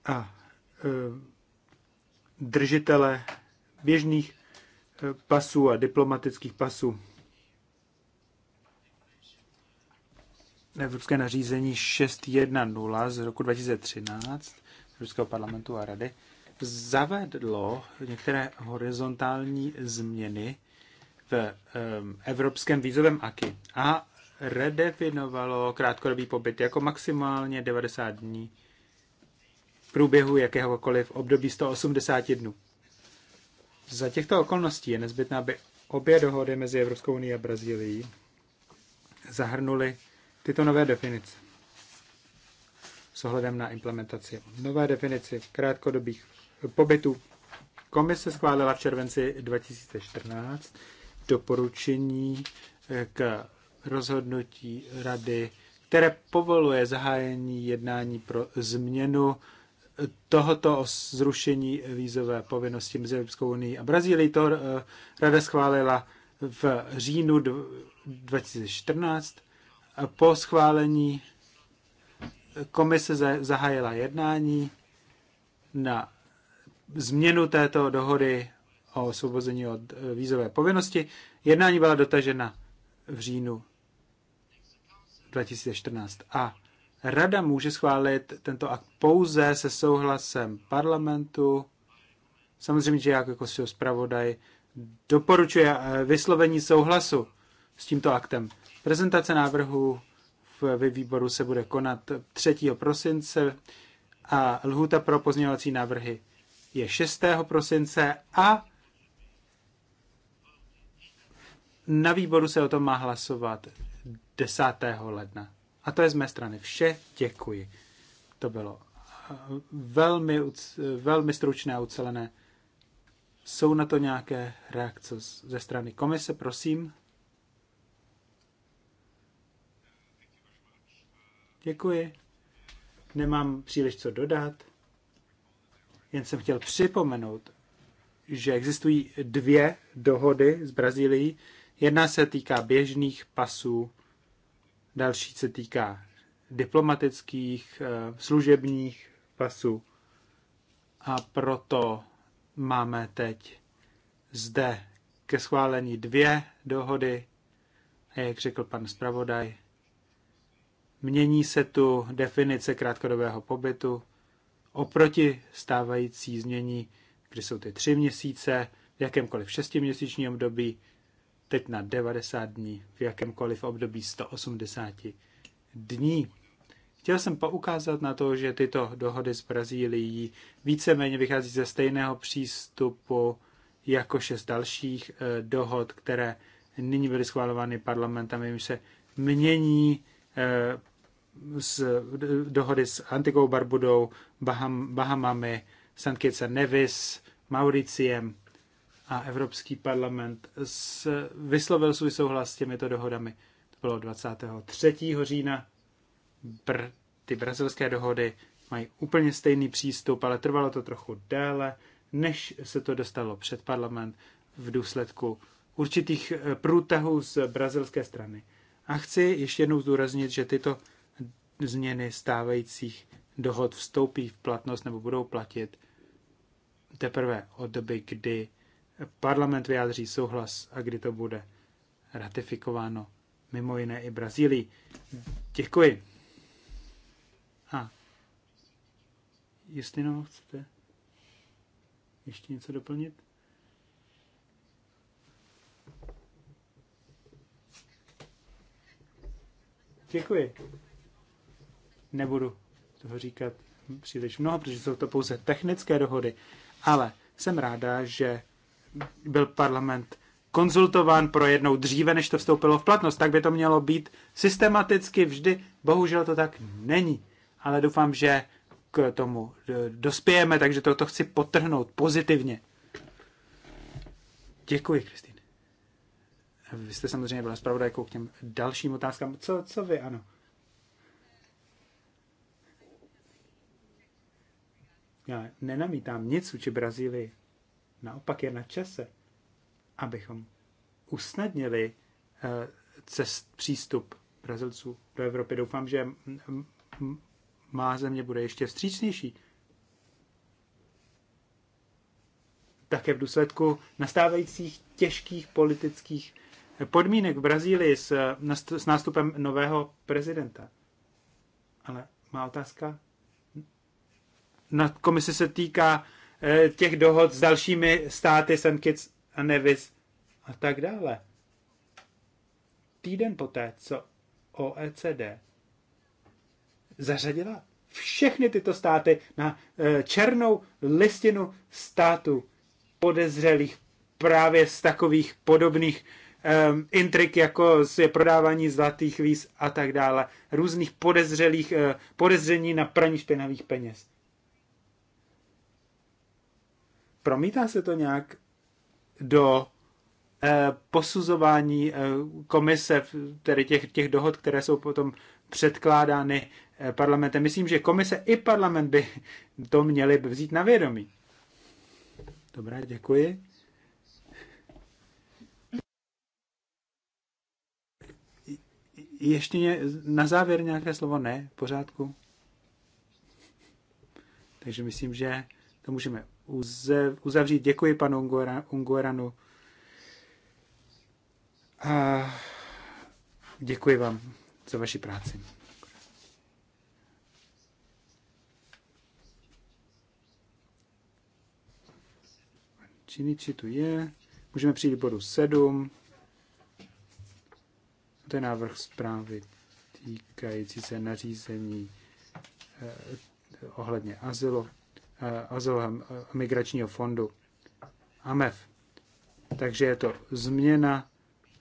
a e, držitele běžných e, pasů a diplomatických pasů. Evropské nařízení 610 z roku 2013 Evropského parlamentu a rady zavedlo některé horizontální změny v evropském vízovém AKI a redefinovalo krátkodobý pobyt jako maximálně 90 dní v průběhu jakéhokoliv období 180 dnů. Za těchto okolností je nezbytné, aby obě dohody mezi Evropskou unii a Brazílií zahrnuly tyto nové definice s ohledem na implementaci. Nové definice krátkodobých pobytu. Komise schválila v červenci 2014 doporučení eh, k rozhodnutí rady, které povoluje zahájení jednání pro změnu eh, tohoto zrušení vízové povinnosti mezi Evropskou unii a Brazílií. To eh, rada schválila v říjnu 2014. Po schválení komise zahájila jednání na změnu této dohody o osvobození od eh, vízové povinnosti. Jednání byla dotažena v říjnu 2014 a Rada může schválit tento akt pouze se souhlasem parlamentu. Samozřejmě, že já jako svého zpravodaj doporučuje eh, vyslovení souhlasu s tímto aktem. Prezentace návrhu v výboru se bude konat 3. prosince a lhůta pro pozměňovací návrhy je 6. prosince a na výboru se o tom má hlasovat 10. ledna. A to je z mé strany vše. Děkuji. To bylo eh, velmi, eh, velmi stručné a ucelené. Jsou na to nějaké reakce ze strany komise, prosím? Děkuji. Nemám příliš co dodat. Jen jsem chtěl připomenout, že existují dvě dohody s Brazílií. Jedna se týká běžných pasů, další se týká diplomatických, eh, služebních pasů. A proto máme teď zde ke schválení dvě dohody. A jak řekl pan zpravodaj, mění se tu definice krátkodobého pobytu oproti stávající změní, kdy jsou ty tři měsíce, v jakémkoliv šestiměsíčním období, teď na 90 dní, v jakémkoliv období 180 dní. Chtěl jsem poukázat na to, že tyto dohody s Brazílií víceméně vychází ze stejného přístupu jako šest dalších eh, dohod, které nyní byly schválovány parlamentem, jim se mění eh, z dohody s Antigou Barbudou, Baham, Bahamami, St. Kitts Nevis, Mauriciem a Evropský parlament s, vyslovil svůj souhlas s těmito dohodami. To bylo 23. října. Br, ty brazilské dohody mají úplně stejný přístup, ale trvalo to trochu déle, než se to dostalo před parlament v důsledku určitých eh, průtahů z brazilské strany. A chci ještě jednou zdůraznit, že tyto změny stávajících dohod vstoupí v platnost nebo budou platit teprve od doby, kdy parlament vyjádří souhlas a kdy to bude ratifikováno mimo jiné i Brazílii. Děkuji. A no, chcete ještě něco doplnit? Děkuji nebudu toho říkat příliš mnoho, protože jsou to pouze technické dohody, ale jsem ráda, že byl parlament konzultován pro jednou dříve, než to vstoupilo v platnost. Tak by to mělo být systematicky vždy. Bohužel to tak není. Ale doufám, že k tomu eh, dospějeme, takže toto chci potrhnout pozitivně. Děkuji, Kristýn. Vy jste samozřejmě byla zpravodajkou k těm dalším otázkám. Co, co vy, ano? Já nenamítám nic vůči Brazílii. Naopak je na čase, abychom usnadnili eh, cest, přístup Brazilců do Evropy. Doufám, že má země bude ještě vstřícnější. Také v důsledku nastávajících těžkých politických podmínek v Brazílii s, s nástupem nového prezidenta. Ale má otázka na komisi se týká eh, těch dohod s dalšími státy, St. Kitts a Nevis a tak dále. Týden poté, co OECD zařadila všechny tyto státy na eh, černou listinu států podezřelých právě z takových podobných um, intrik, jako je prodávání zlatých víz a tak dále, různých podezřelých, uh, podezření na praní špinavých peněz promítá se to nějak do eh, posuzování eh, komise, tedy těch, těch dohod, které jsou potom předkládány eh, parlamentem. Myslím, že komise i parlament by to měli vzít na vědomí. Dobrá, děkuji. Ještě ně, na závěr nějaké slovo? Ne, v pořádku. Takže myslím, že to můžeme uzavřít. Děkuji panu Ungueranu. A děkuji vám za vaši práci. Činiči tu je. Můžeme přijít k bodu 7. To je návrh zprávy týkající se nařízení eh, ohledně azylu. Eh, azylovém eh, migračního fondu AMEF. Takže je to změna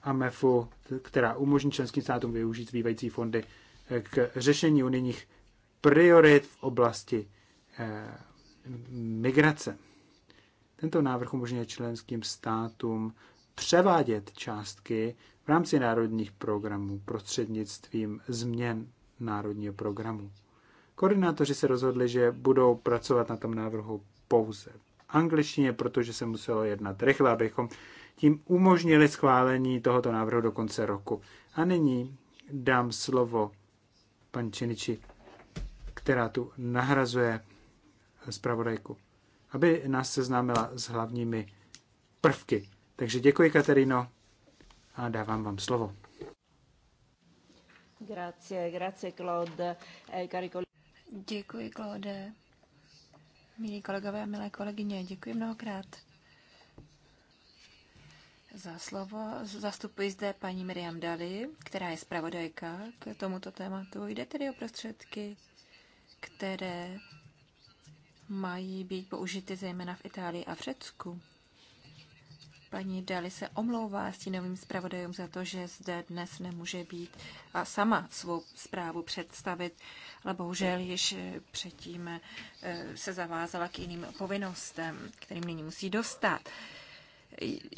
AMEFu, která umožní členským státům využít zbývající fondy eh, k řešení unijních priorit v oblasti migrace. Tento návrh umožňuje členským státům převádět částky v rámci národních programů prostřednictvím změn národního programu. Koordinátoři se rozhodli, že budou pracovat na tom návrhu pouze v angličtině, protože se muselo jednat rychle, abychom tím umožnili schválení tohoto návrhu do konce roku. A nyní dám slovo pan Činiči, která tu nahrazuje zpravodajku, aby nás seznámila s hlavními prvky. Takže děkuji, Katerino, a dávám vám slovo. Grazie, grazie Claude. Eh, cari Děkuji, Klode, Milí kolegové a milé kolegyně, děkuji mnohokrát za slovo. Zastupuji zde paní Miriam Dali, která je zpravodajka k tomuto tématu. Jde tedy o prostředky, které mají být použity zejména v Itálii a v Řecku. Paní Dali se omlouvá stínovým zpravodajům za to, že zde dnes nemůže být a sama svou zprávu představit, ale bohužel již eh, předtím eh, se zavázala k jiným povinnostem, kterým nyní musí dostat.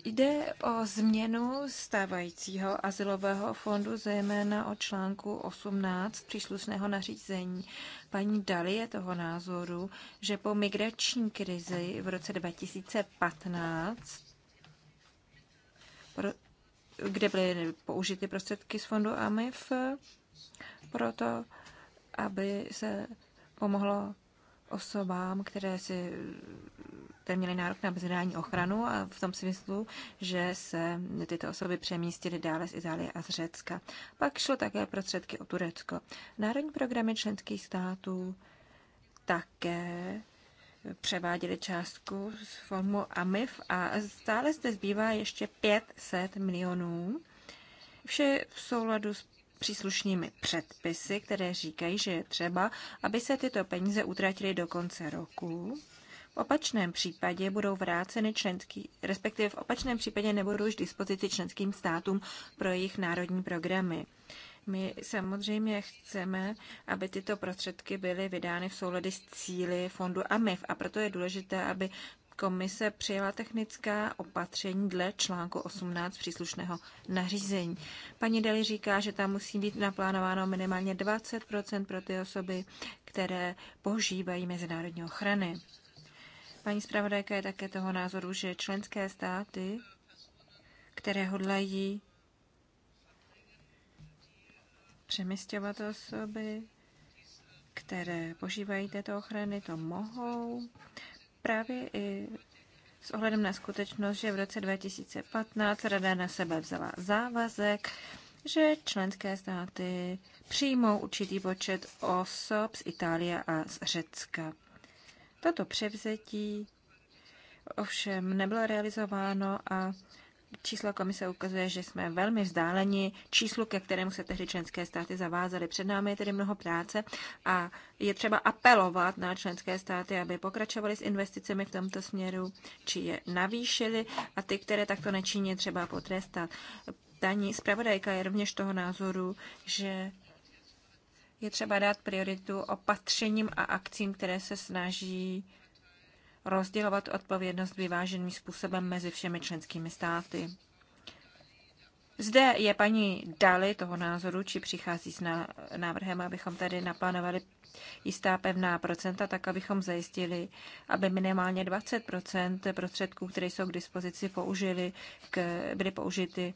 Jde o změnu stávajícího asilového fondu, zejména o článku 18 příslušného nařízení. Paní Dali je toho názoru, že po migrační krizi v roce 2015 kde byly použity prostředky z fondu AMIF, eh, proto aby se pomohlo osobám, které si které měly nárok na bezhrání ochranu a v tom smyslu, že se tyto osoby přemístily dále z Itálie a z Řecka. Pak šlo také prostředky o Turecko. Národní programy členských států také převáděli částku z formu AMIF a stále zde zbývá ještě 500 milionů. Vše v souladu s příslušnými předpisy, které říkají, že je třeba, aby se tyto peníze utratily do konce roku. V opačném případě budou vráceny členský, respektive v opačném případě nebudou už dispozici členským státům pro jejich národní programy. My samozřejmě chceme, aby tyto prostředky byly vydány v souladu s cíly fondu AMIF a proto je důležité, aby komise přijala technická opatření dle článku 18 příslušného nařízení. Paní Deli říká, že tam musí být naplánováno minimálně 20 pro ty osoby, které požívají mezinárodní ochrany. Paní zpravodajka je také toho názoru, že členské státy, které hodlají přemysťovat osoby, které požívají této ochrany, to mohou. Právě i s ohledem na skutečnost, že v roce 2015 Rada na sebe vzala závazek, že členské státy přijmou určitý počet osob z Itálie a z Řecka. Toto převzetí ovšem nebylo realizováno a číslo komise ukazuje, že jsme velmi vzdáleni číslu, ke kterému se tehdy členské státy zavázaly. Před námi je tedy mnoho práce a je třeba apelovat na členské státy, aby pokračovaly s investicemi v tomto směru, či je navýšili a ty, které takto nečiní, třeba potrestat. Paní zpravodajka je rovněž toho názoru, že je třeba dát prioritu opatřením a akcím, které se snaží rozdělovat odpovědnost vyváženým způsobem mezi všemi členskými státy. Zde je paní Dali toho názoru, či přichází s návrhem, abychom tady naplánovali jistá pevná procenta, tak abychom zajistili, aby minimálně 20 prostředků, které jsou k dispozici, použili k, byly použity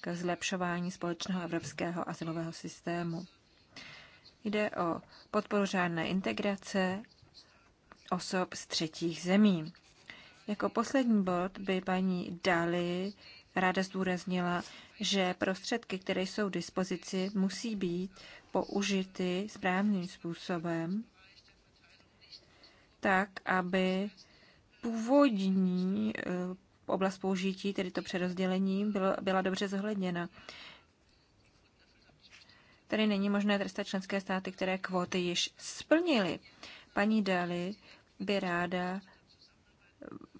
k zlepšování společného evropského asilového systému. Jde o podporu řádné integrace osob z třetích zemí. Jako poslední bod by paní Dali ráda zdůraznila, že prostředky, které jsou v dispozici, musí být použity správným způsobem, tak, aby původní eh, oblast použití, tedy to přerozdělení, byla dobře zohledněna. Tady není možné trestat členské státy, které kvóty již splnily. Paní Dali by ráda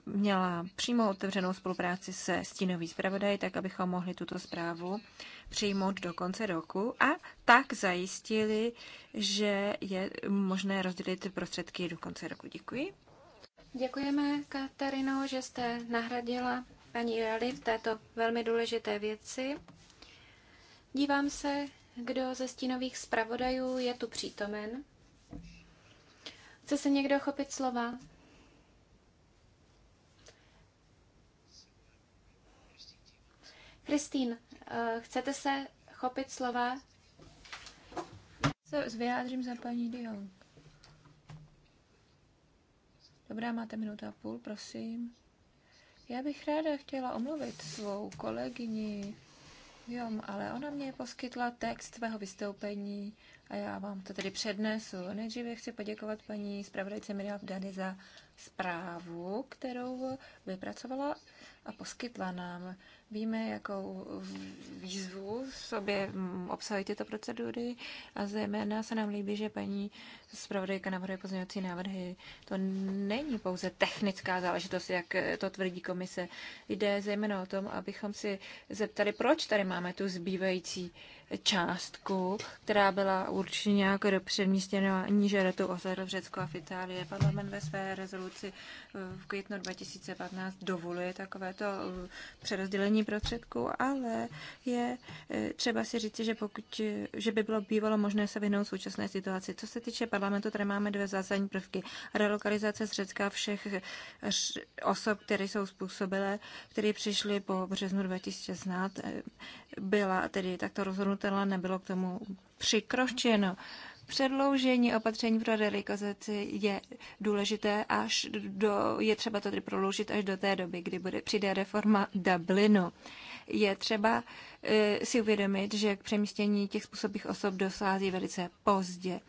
měla přímo otevřenou spolupráci se stínový zpravodaj, tak abychom mohli tuto zprávu přijmout do konce roku a tak zajistili, že je možné rozdělit prostředky do konce roku. Děkuji. Děkujeme, Katarino, že jste nahradila paní Rally v této velmi důležité věci. Dívám se, kdo ze stínových zpravodajů je tu přítomen. Chce se někdo chopit slova? Kristýn, eh, chcete se chopit slova? Se vyjádřím za paní Dion. Dobrá, máte minutu a půl, prosím. Já bych ráda chtěla omluvit svou kolegyni Jo, ale ona mě poskytla text svého vystoupení a já vám to tedy přednesu. Nejdříve chci poděkovat paní zpravodajce Miriam Dany za zprávu, kterou vypracovala a poskytla nám. Víme, jakou výzvu v sobě obsahují tyto procedury a zejména se nám líbí, že paní zpravodajka navrhuje pozměňovací návrhy. To není pouze technická záležitost, jak to tvrdí komise. Jde zejména o tom, abychom si zeptali, proč tady máme tu zbývající částku, která byla určitě nějak předmístěna níže retu ozero v Řecku a v Itálii. Parlament ve své rezoluci v květnu 2015 dovoluje takovéto přerozdělení navýšení prostředků, ale je e, třeba si říct, že, pokud, e, že by bylo bývalo možné se vyhnout současné situaci. Co se týče parlamentu, tady máme dvě zásadní prvky. Relokalizace z Řecka všech e, osob, které jsou způsobilé, které přišly po březnu 2016, byla tedy takto rozhodnutá, nebylo k tomu přikročeno. Předloužení opatření pro relikozaci je důležité, až do, je třeba to tedy prodloužit až do té doby, kdy bude, přijde reforma Dublinu. Je třeba eh, si uvědomit, že k přemístění těch způsobých osob dosází velice pozdě.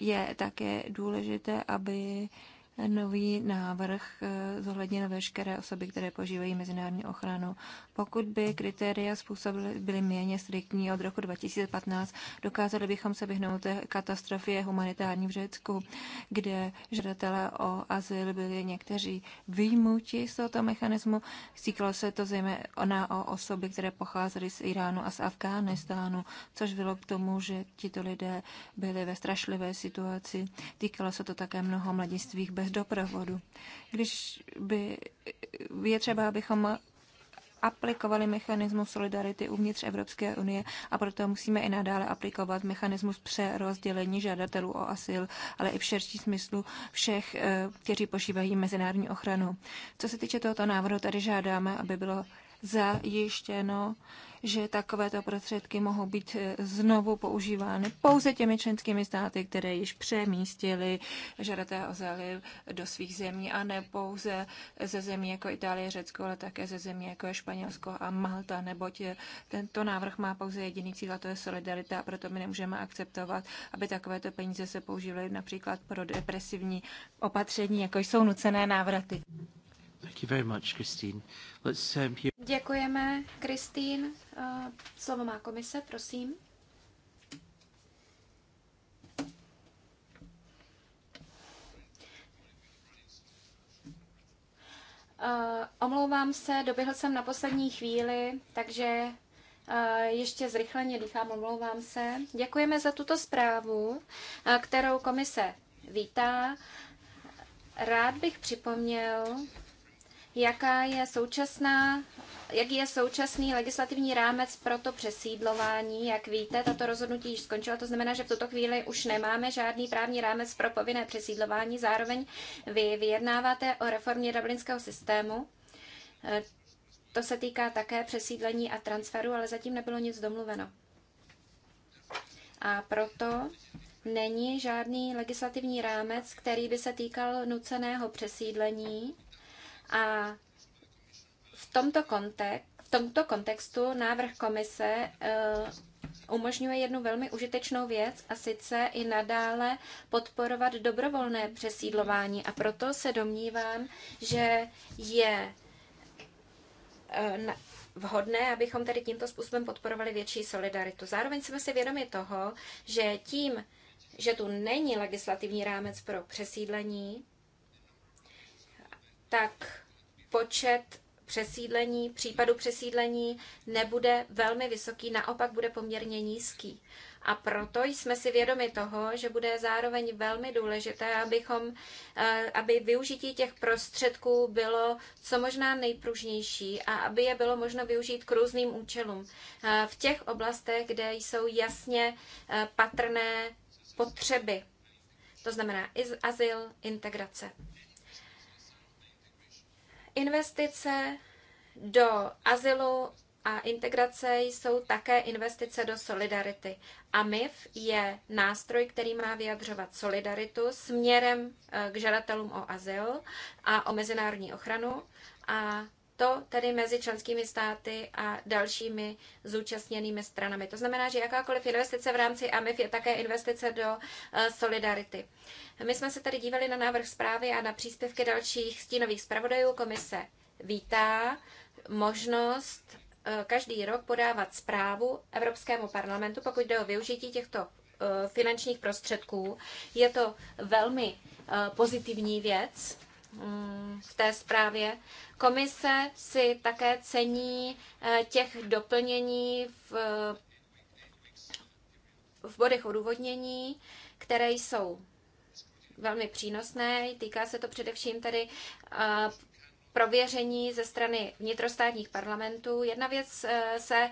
Je také důležité, aby nový návrh eh, zohledněno veškeré osoby, které požívají mezinárodní ochranu. Pokud by kritéria způsobily byly méně striktní od roku 2015, dokázali bychom se vyhnout katastrofě humanitární v Řecku, kde žadatelé o azyl byli někteří výjimuti z tohoto mechanismu. Stýkalo se to zejména o osoby, které pocházely z Iránu a z Afghánistánu, což bylo k tomu, že tito lidé byli ve strašlivé situaci. Týkalo se to také mnoho mladistvých bez bez doprovodu. Když by je třeba, abychom aplikovali mechanismus solidarity uvnitř Evropské unie a proto musíme i nadále aplikovat mechanismus přerozdělení žadatelů o asyl, ale i v širší smyslu všech, eh, kteří požívají mezinárodní ochranu. Co se týče tohoto návrhu, tady žádáme, aby bylo zajištěno, že takovéto prostředky mohou být eh, znovu používány pouze těmi členskými státy, které již přemístili žadaté o záliv do svých zemí a ne pouze ze zemí jako Itálie, Řecko, ale také ze zemí jako je Španělsko a Malta, neboť eh, tento návrh má pouze jediný cíl a to je solidarita a proto my nemůžeme akceptovat, aby takovéto peníze se používaly například pro depresivní opatření, jako jsou nucené návraty. Thank you very much, Christine. Let's um, hear Děkujeme, Kristýn. Eh, slovo má komise, prosím. Eh, omlouvám se, doběhl jsem na poslední chvíli, takže eh, ještě zrychleně dýchám, omlouvám se. Děkujeme za tuto zprávu, kterou komise vítá. Rád bych připomněl, jaká je současná jaký je současný legislativní rámec pro to přesídlování. Jak víte, tato rozhodnutí již skončilo, to znamená, že v tuto chvíli už nemáme žádný právní rámec pro povinné přesídlování. Zároveň vy vyjednáváte o reformě dublinského systému. E, to se týká také přesídlení a transferu, ale zatím nebylo nic domluveno. A proto není žádný legislativní rámec, který by se týkal nuceného přesídlení a v tomto, kontek- v tomto kontextu návrh komise eh, umožňuje jednu velmi užitečnou věc a sice i nadále podporovat dobrovolné přesídlování. A proto se domnívám, že je eh, vhodné, abychom tedy tímto způsobem podporovali větší solidaritu. Zároveň jsme si vědomi toho, že tím, že tu není legislativní rámec pro přesídlení, tak počet přesídlení, případu přesídlení nebude velmi vysoký, naopak bude poměrně nízký. A proto jsme si vědomi toho, že bude zároveň velmi důležité, abychom, eh, aby využití těch prostředků bylo co možná nejpružnější a aby je bylo možno využít k různým účelům. Eh, v těch oblastech, kde jsou jasně eh, patrné potřeby, to znamená azyl, integrace. Investice do azylu a integrace jsou také investice do solidarity. A MIF je nástroj, který má vyjadřovat solidaritu směrem eh, k žadatelům o azyl a o mezinárodní ochranu. A to tedy mezi členskými státy a dalšími zúčastněnými stranami. To znamená, že jakákoliv investice v rámci AMIF je také investice do eh, solidarity. My jsme se tady dívali na návrh zprávy a na příspěvky dalších stínových zpravodajů. Komise vítá možnost eh, každý rok podávat zprávu Evropskému parlamentu, pokud jde o využití těchto eh, finančních prostředků. Je to velmi pozitivní věc, Mm, v té zprávě. Komise si také cení eh, těch doplnění v, v bodech odůvodnění, které jsou velmi přínosné. Týká se to především tedy eh, prověření ze strany vnitrostátních parlamentů. Jedna věc eh, se,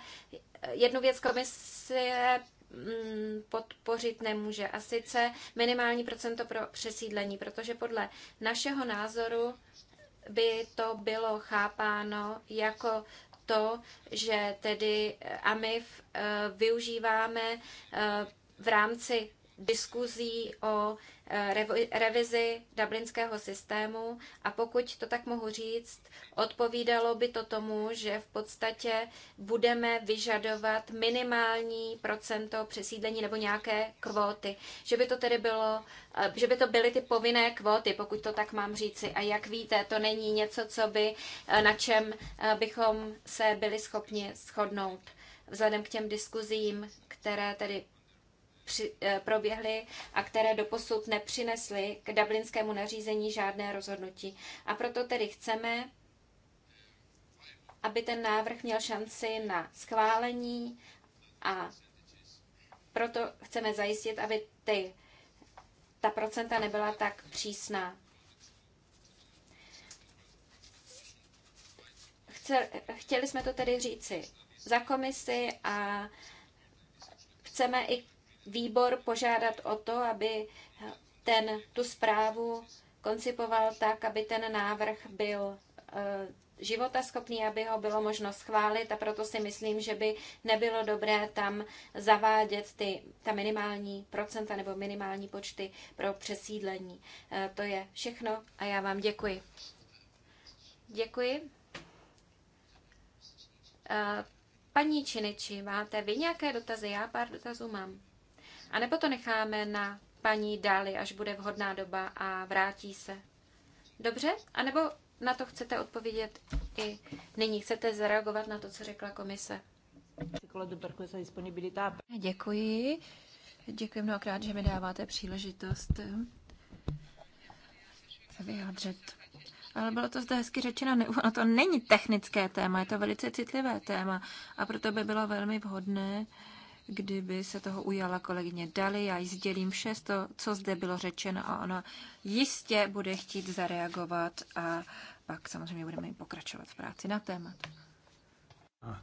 jednu věc komise Mm, podpořit nemůže. A sice minimální procento pro přesídlení, protože podle našeho názoru by to bylo chápáno jako to, že tedy eh, AMIF eh, využíváme eh, v rámci diskuzí o e, revizi dublinského systému a pokud to tak mohu říct, odpovídalo by to tomu, že v podstatě budeme vyžadovat minimální procento přesídlení nebo nějaké kvóty. Že by to tedy bylo, e, že by to byly ty povinné kvóty, pokud to tak mám říci. A jak víte, to není něco, co by, e, na čem bychom se byli schopni shodnout vzhledem k těm diskuzím, které tedy při, eh, proběhly a které doposud nepřinesly k dublinskému nařízení žádné rozhodnutí. A proto tedy chceme, aby ten návrh měl šanci na schválení a proto chceme zajistit, aby ty, ta procenta nebyla tak přísná. chtěli jsme to tedy říci za komisi a chceme i výbor požádat o to, aby ten, tu zprávu koncipoval tak, aby ten návrh byl e, životaschopný, aby ho bylo možno schválit a proto si myslím, že by nebylo dobré tam zavádět ty, ta minimální procenta nebo minimální počty pro přesídlení. E, to je všechno a já vám děkuji. Děkuji. E, paní Činiči, máte vy nějaké dotazy? Já pár dotazů mám. A nebo to necháme na paní dáli, až bude vhodná doba a vrátí se. Dobře? A nebo na to chcete odpovědět i nyní? Chcete zareagovat na to, co řekla komise? Děkuji. Děkuji mnohokrát, že mi dáváte příležitost eh, se vyjádřit. Ale bylo to zde hezky řečeno, ne, ono to není technické téma, je to velice citlivé téma a proto by bylo velmi vhodné, kdyby se toho ujala kolegyně Dali. Já jí sdělím vše, to, co zde bylo řečeno a ona jistě bude chtít zareagovat a pak samozřejmě budeme pokračovat v práci na témat. A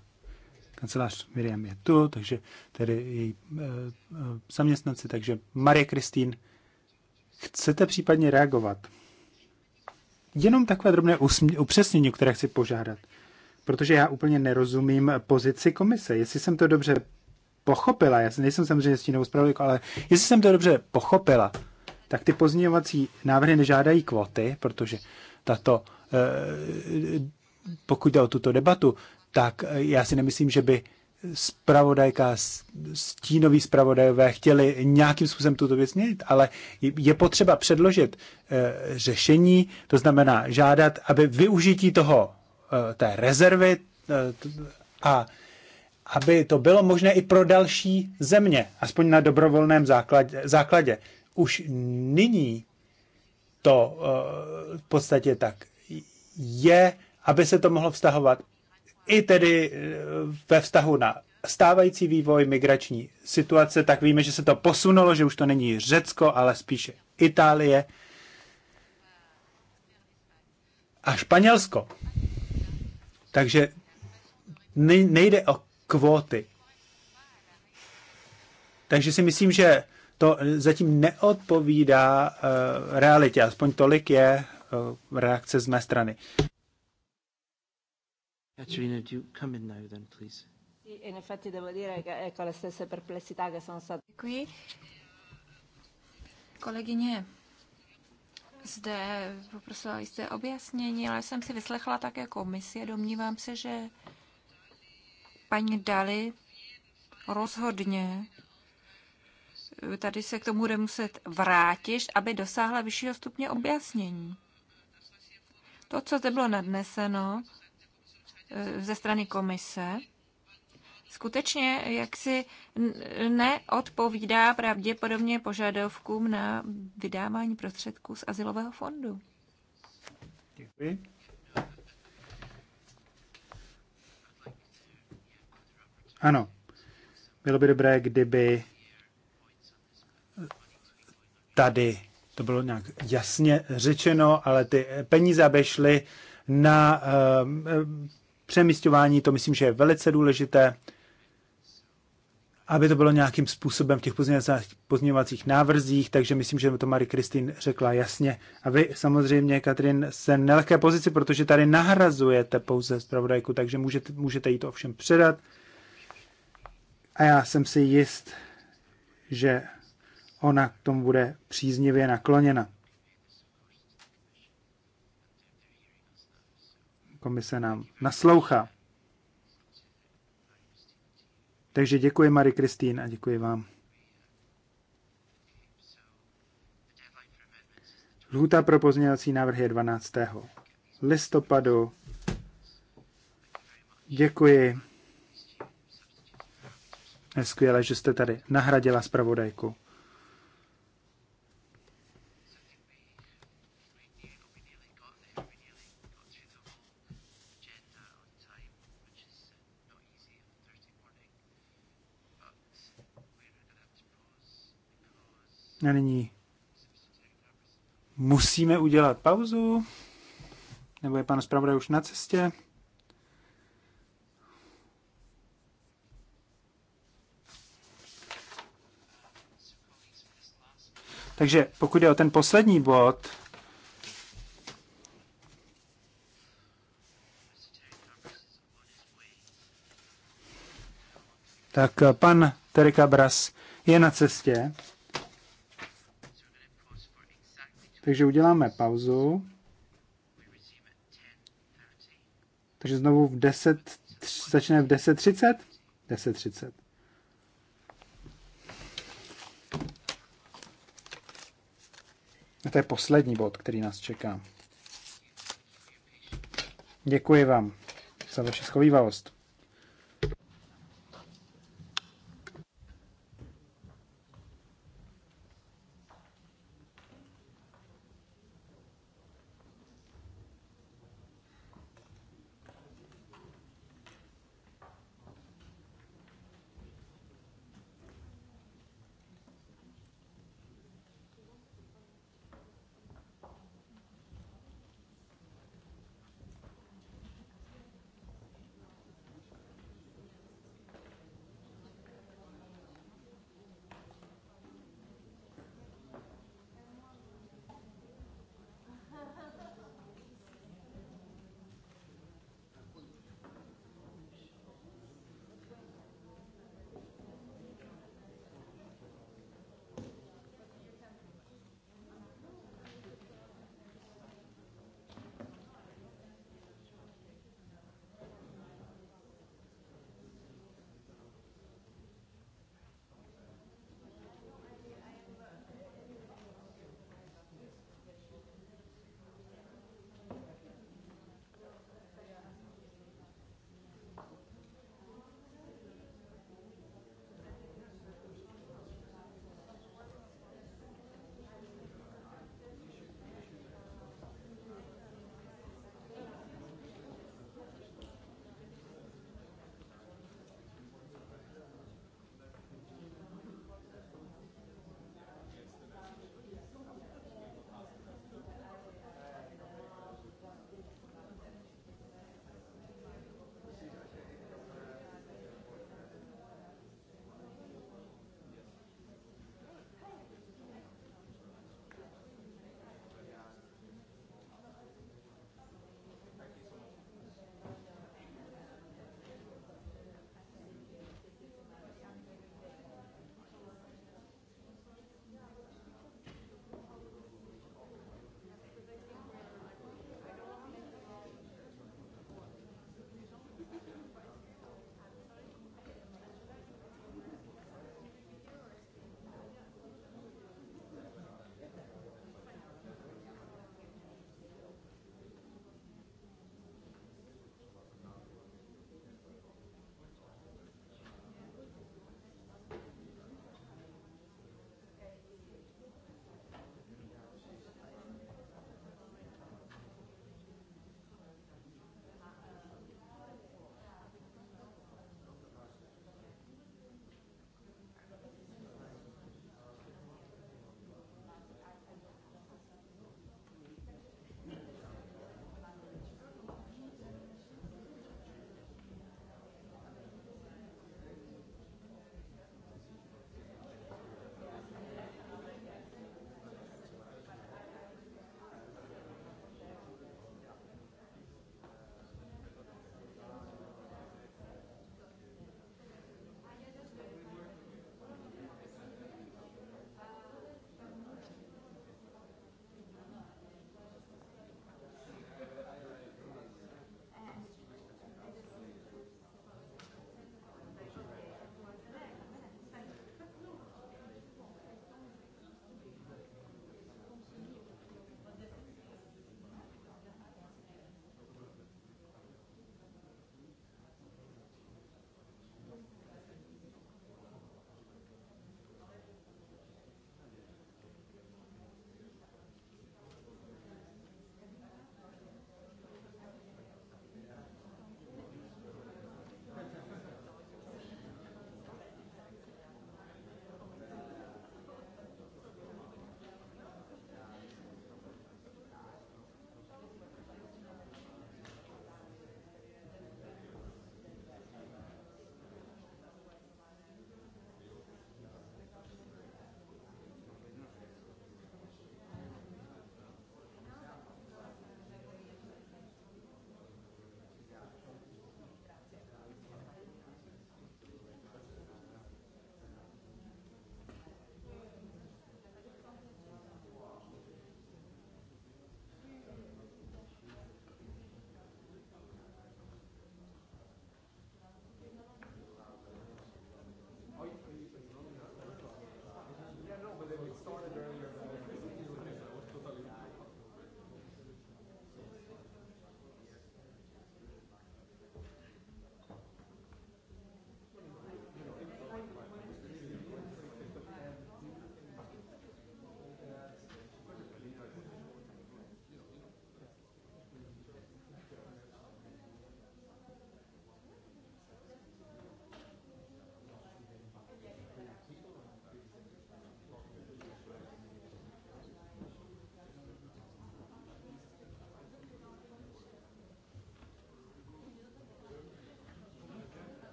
kancelář Miriam je tu, takže tedy její e, e, zaměstnanci, takže Marie Kristýn, chcete případně reagovat? Jenom takové drobné upřesnění, které chci požádat protože já úplně nerozumím pozici komise. Jestli jsem to dobře pochopila, já nejsem samozřejmě stínovou zpravodajkou, ale jestli jsem to dobře pochopila, tak ty pozměňovací návrhy nežádají kvoty, protože tato, eh, pokud jde o tuto debatu, tak eh, já si nemyslím, že by spravodajka, stínoví spravodajové chtěli nějakým způsobem tuto věc měnit, ale je potřeba předložit eh, řešení, to znamená žádat, aby využití toho, té rezervy a aby to bylo možné i pro další země, aspoň na dobrovolném základě. základě. Už nyní to uh, v podstatě tak je, aby se to mohlo vztahovat i tedy eh, ve vztahu na stávající vývoj migrační situace, tak víme, že se to posunulo, že už to není Řecko, ale spíše Itálie a Španělsko. Takže nejde o kvóty. Takže si myslím, že to zatím neodpovídá uh, realitě, aspoň tolik je uh, reakce z mé strany. Katrina, do you come in now then, please? In effetti devo dire eh, che è con le stesse perplessità che sono state qui. Kolegyně, zde poprosila jste objasnění, ale jsem si vyslechla také komisi a domnívám se, že paní Dali rozhodně eh, tady se k tomu bude muset vrátit, aby dosáhla vyššího stupně objasnění. To, co zde bylo nadneseno eh, ze strany komise, skutečně jaksi neodpovídá pravděpodobně požadovkům na vydávání prostředků z asilového fondu. Děkuji. Ano, bylo by dobré, kdyby tady to bylo nějak jasně řečeno, ale ty peníze, aby šly na uh, ehm, e, přemysťování, to myslím, že je velice důležité, aby to bylo nějakým způsobem v těch pozměňovacích návrzích, takže myslím, že to Marie Kristýn řekla jasně. A vy samozřejmě, Katrin, se nelehké pozici, protože tady nahrazujete pouze zpravodajku, takže můžete, můžete jí to ovšem předat. A já jsem si jist, že ona k tomu bude příznivě nakloněna. Komise nám naslouchá. Takže děkuji Marie Kristýn a děkuji vám. Lhůta pro pozměňovací návrh je 12. listopadu. Děkuji. Je skvělé, že jste tady nahradila zpravodajku. A nyní musíme udělat pauzu, nebo je pan zpravodaj už na cestě. Takže pokud je o ten poslední bod, tak eh, pan Terika Bras je na cestě. Takže uděláme pauzu. Takže znovu v 10, začne v 10.30? 10.30. to je poslední bod, který nás čeká. Děkuji vám za vaši schovývalost.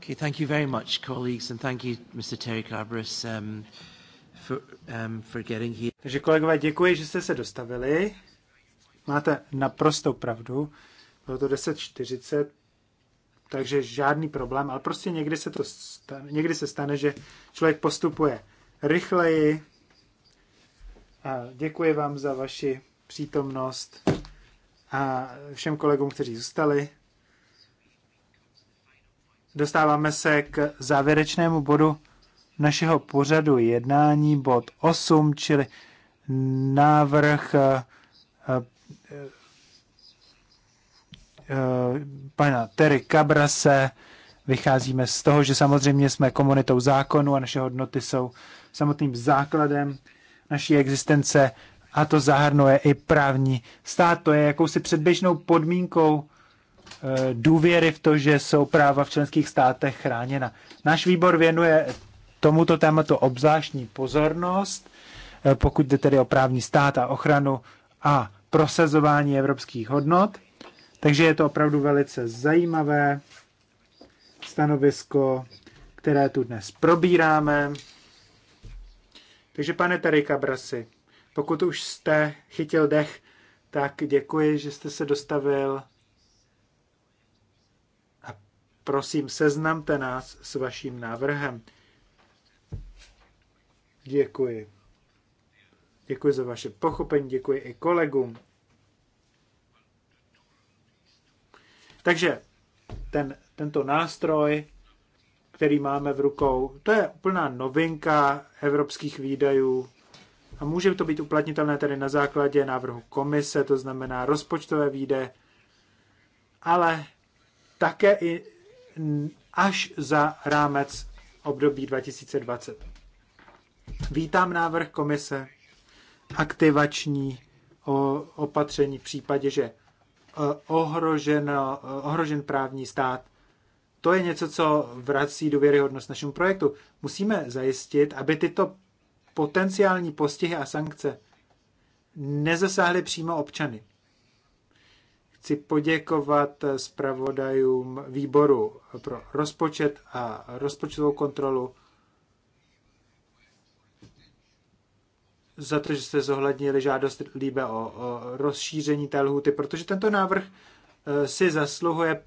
Okay, thank you very much, colleagues, and thank you, Mr. Terry Carbris, um, for, um, for getting here. Takže kolegové, děkuji, že jste se dostavili. Máte naprostou pravdu. Bylo to 10.40, takže žádný problém, ale prostě někdy se to stane, někdy se stane, že člověk postupuje rychleji. A děkuji vám za vaši přítomnost a všem kolegům, kteří zůstali. Dostáváme se k závěrečnému bodu našeho pořadu jednání, bod 8, čili návrh eh, eh, eh, pana Terry Cabrase. Vycházíme z toho, že samozřejmě jsme komunitou zákonu a naše hodnoty jsou samotným základem naší existence a to zahrnuje i právní stát. To je jakousi předběžnou podmínkou Eh, důvěry v to, že jsou práva v členských státech chráněna. Náš výbor věnuje tomuto tématu obzvláštní pozornost, eh, pokud jde tedy o právní stát a ochranu a prosazování evropských hodnot. Takže je to opravdu velice zajímavé stanovisko, které tu dnes probíráme. Takže pane Tarika Brasi, pokud už jste chytil dech, tak děkuji, že jste se dostavil Prosím, seznamte nás s vaším návrhem. Děkuji. Děkuji za vaše pochopení, děkuji i kolegům. Takže ten, tento nástroj, který máme v rukou, to je úplná novinka evropských výdajů a může to být uplatnitelné tedy na základě návrhu komise, to znamená rozpočtové výdaje, ale také i až za rámec období 2020. Vítám návrh komise aktivační opatření v případě, že e, ohrožen, e, ohrožen právní stát. To je něco, co vrací důvěryhodnost našemu projektu. Musíme zajistit, aby tyto potenciální postihy a sankce nezasáhly přímo občany. Chci poděkovat eh, zpravodajům výboru pro rozpočet a rozpočtovou kontrolu za to, že jste zohlednili žádost Líbe o, o rozšíření té lhuty, protože tento návrh eh, si zasluhuje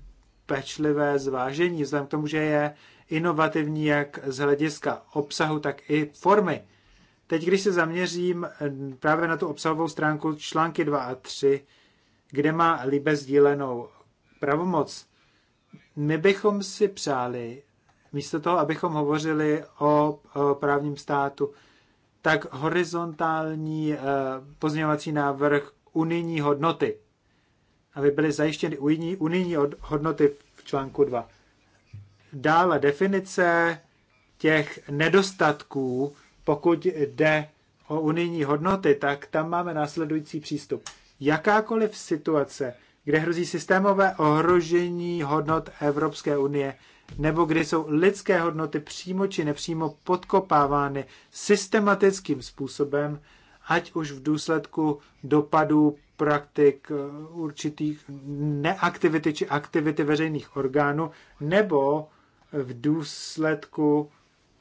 pečlivé zvážení, vzhledem k tomu, že je inovativní jak z hlediska obsahu, tak i formy. Teď, když se zaměřím eh, právě na tu obsahovou stránku články 2 a 3, kde má Libe sdílenou pravomoc, my bychom si přáli, místo toho, abychom hovořili o, o právním státu, tak horizontální eh, pozměňovací návrh unijní hodnoty, aby byly zajištěny unijní, unijní hodnoty v článku 2. Dále definice těch nedostatků, pokud jde o unijní hodnoty, tak tam máme následující přístup jakákoliv situace, kde hrozí systémové ohrožení hodnot Evropské unie, nebo kdy jsou lidské hodnoty přímo či nepřímo podkopávány systematickým způsobem, ať už v důsledku dopadů praktik eh, určitých neaktivity či aktivity veřejných orgánů, nebo v důsledku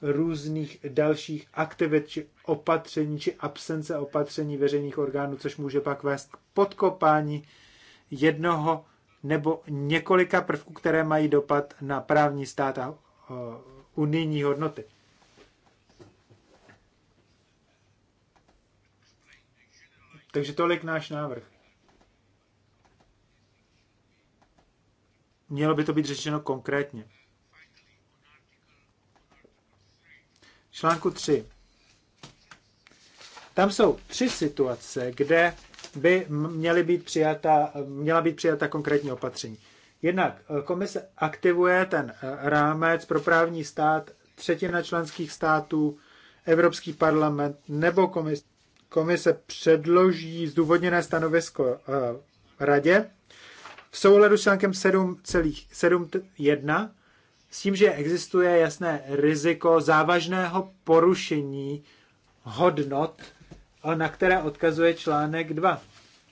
různých dalších aktivit či opatření či absence opatření veřejných orgánů, což může pak vést k podkopání jednoho nebo několika prvků, které mají dopad na právní stát a unijní hodnoty. Takže tolik náš návrh. Mělo by to být řečeno konkrétně. článku 3. Tam jsou tři situace, kde by měly být přijata, měla být přijata konkrétní opatření. Jednak eh, komise aktivuje ten eh, rámec pro právní stát, třetina členských států, Evropský parlament nebo komise, komise předloží zdůvodněné stanovisko eh, radě v souladu s článkem 7,1 s tím, že existuje jasné riziko závažného porušení hodnot, na které odkazuje článek 2.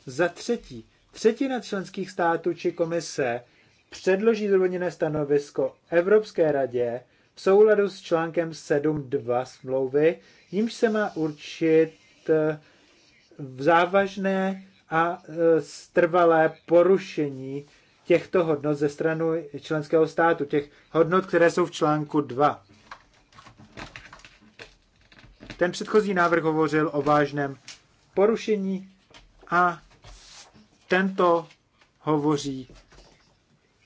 Za třetí, třetina členských států či komise předloží zdůvodněné stanovisko Evropské radě v souladu s článkem 7.2 smlouvy, jímž se má určit eh, závažné a eh, trvalé porušení těchto hodnot ze strany členského státu, těch hodnot, které jsou v článku 2. Ten předchozí návrh hovořil o vážném porušení a tento hovoří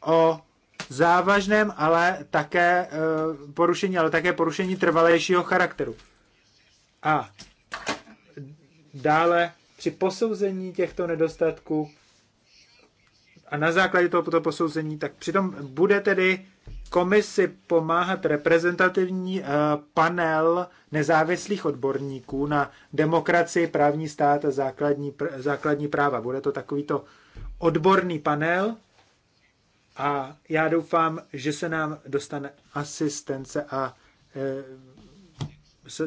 o závažném, ale také eh, porušení, ale také porušení trvalejšího charakteru. A dále při posouzení těchto nedostatků a na základě tohoto posouzení, tak přitom bude tedy komisi pomáhat reprezentativní eh, panel nezávislých odborníků na demokracii, právní stát a základní, základní práva. Bude to takovýto odborný panel a já doufám, že se nám dostane asistence a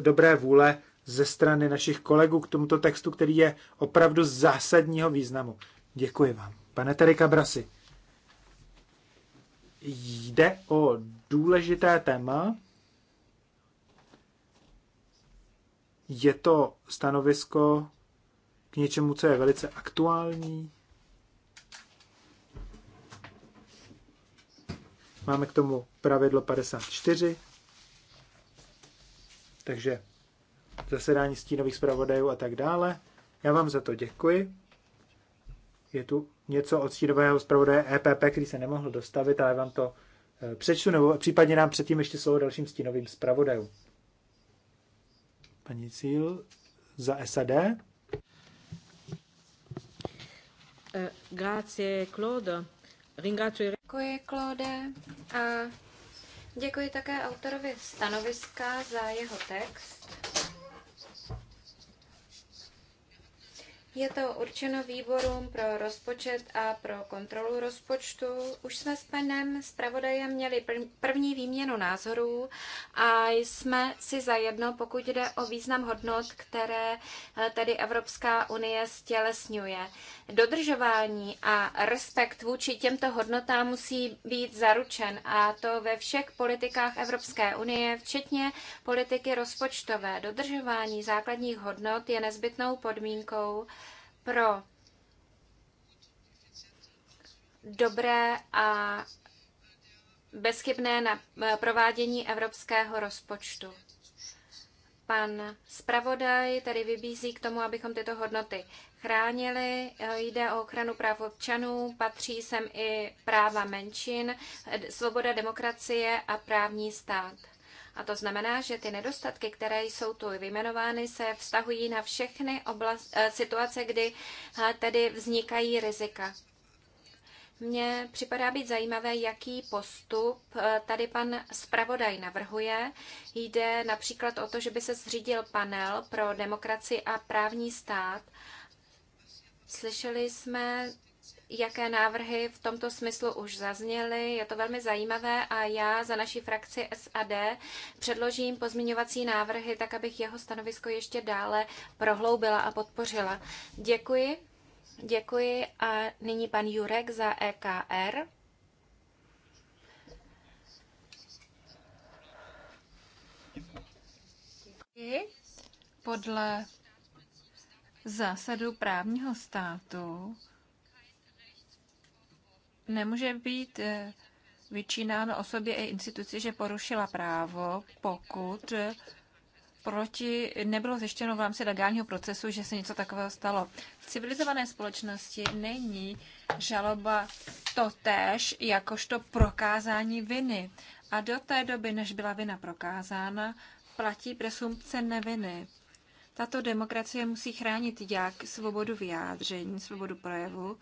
e, dobré vůle ze strany našich kolegů k tomuto textu, který je opravdu zásadního významu. Děkuji vám. Pane Terika Brasi, jde o důležité téma. Je to stanovisko k něčemu, co je velice aktuální. Máme k tomu pravidlo 54. Takže zasedání stínových zpravodajů a tak dále. Já vám za to děkuji je tu něco od stínového zpravodaje EPP, který se nemohl dostavit, ale vám to eh, přečtu, nebo případně nám předtím ještě slovo dalším stínovým zpravodajům. Paní Cíl za SAD. Eh, grazie, Claude. Ringrazio... Děkuji, Claude. A děkuji také autorovi stanoviska za jeho text. Je to určeno výborům pro rozpočet a pro kontrolu rozpočtu. Už jsme s panem zpravodajem měli první výměnu názorů a jsme si zajedno, pokud jde o význam hodnot, které eh, tedy Evropská unie stělesňuje. Dodržování a respekt vůči těmto hodnotám musí být zaručen a to ve všech politikách Evropské unie, včetně politiky rozpočtové. Dodržování základních hodnot je nezbytnou podmínkou, pro dobré a bezchybné na eh, provádění evropského rozpočtu. Pan zpravodaj tady vybízí k tomu, abychom tyto hodnoty chránili. Eh, jde o ochranu práv občanů, patří sem i práva menšin, eh, svoboda demokracie a právní stát. A to znamená, že ty nedostatky, které jsou tu vyjmenovány, se vztahují na všechny oblast, eh, situace, kdy eh, tedy vznikají rizika. Mně připadá být zajímavé, jaký postup eh, tady pan zpravodaj navrhuje. Jde například o to, že by se zřídil panel pro demokracii a právní stát. Slyšeli jsme jaké návrhy v tomto smyslu už zazněly. Je to velmi zajímavé a já za naši frakci SAD předložím pozměňovací návrhy, tak abych jeho stanovisko ještě dále prohloubila a podpořila. Děkuji. Děkuji a nyní pan Jurek za EKR. Děkuji. Podle zásadu právního státu nemůže být eh, vyčínáno osobě i instituci, že porušila právo, pokud eh, proti nebylo zjištěno v rámci legálního procesu, že se něco takového stalo. V civilizované společnosti není žaloba totéž jakožto prokázání viny. A do té doby, než byla vina prokázána, platí presumpce neviny. Tato demokracie musí chránit jak svobodu vyjádření, svobodu projevu,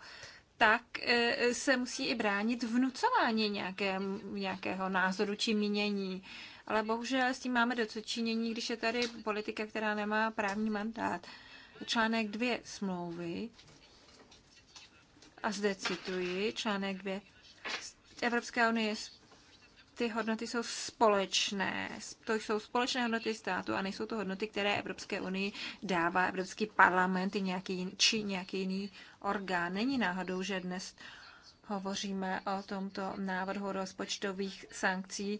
tak eh, se musí i bránit vnucování nějaké, nějakého názoru či mínění. Ale bohužel s tím máme dočinění, když je tady politika, která nemá právní mandát. Článek 2 smlouvy, a zde cituji, článek 2. Evropská unie ty hodnoty jsou společné. To jsou společné hodnoty státu a nejsou to hodnoty, které Evropské unii dává Evropský parlament i nějaký, či nějaký jiný orgán. Není náhodou, že dnes hovoříme o tomto návrhu rozpočtových sankcí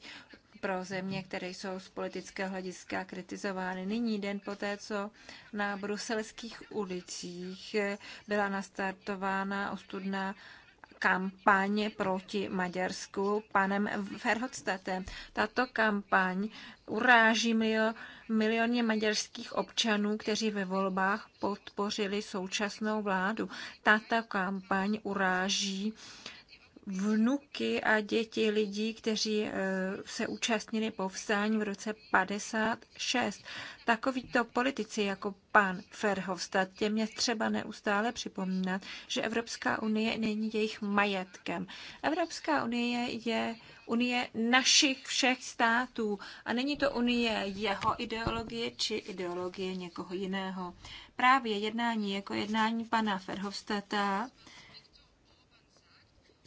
pro země, které jsou z politického hlediska kritizovány. Nyní den poté, co na bruselských ulicích byla nastartována ostudná kampaň proti Maďarsku panem Verhofstadtem. Tato kampaň uráží milio, milioně maďarských občanů, kteří ve volbách podpořili současnou vládu. Tato kampaň uráží uh, vnuky a děti lidí, kteří eh, se účastnili povstání v roce 56. Takovýto politici jako pan Ferhovstad, těm je třeba neustále připomínat, že Evropská unie není jejich majetkem. Evropská unie je unie našich všech států a není to unie jeho ideologie či ideologie někoho jiného. Právě jednání jako jednání pana Ferhovstata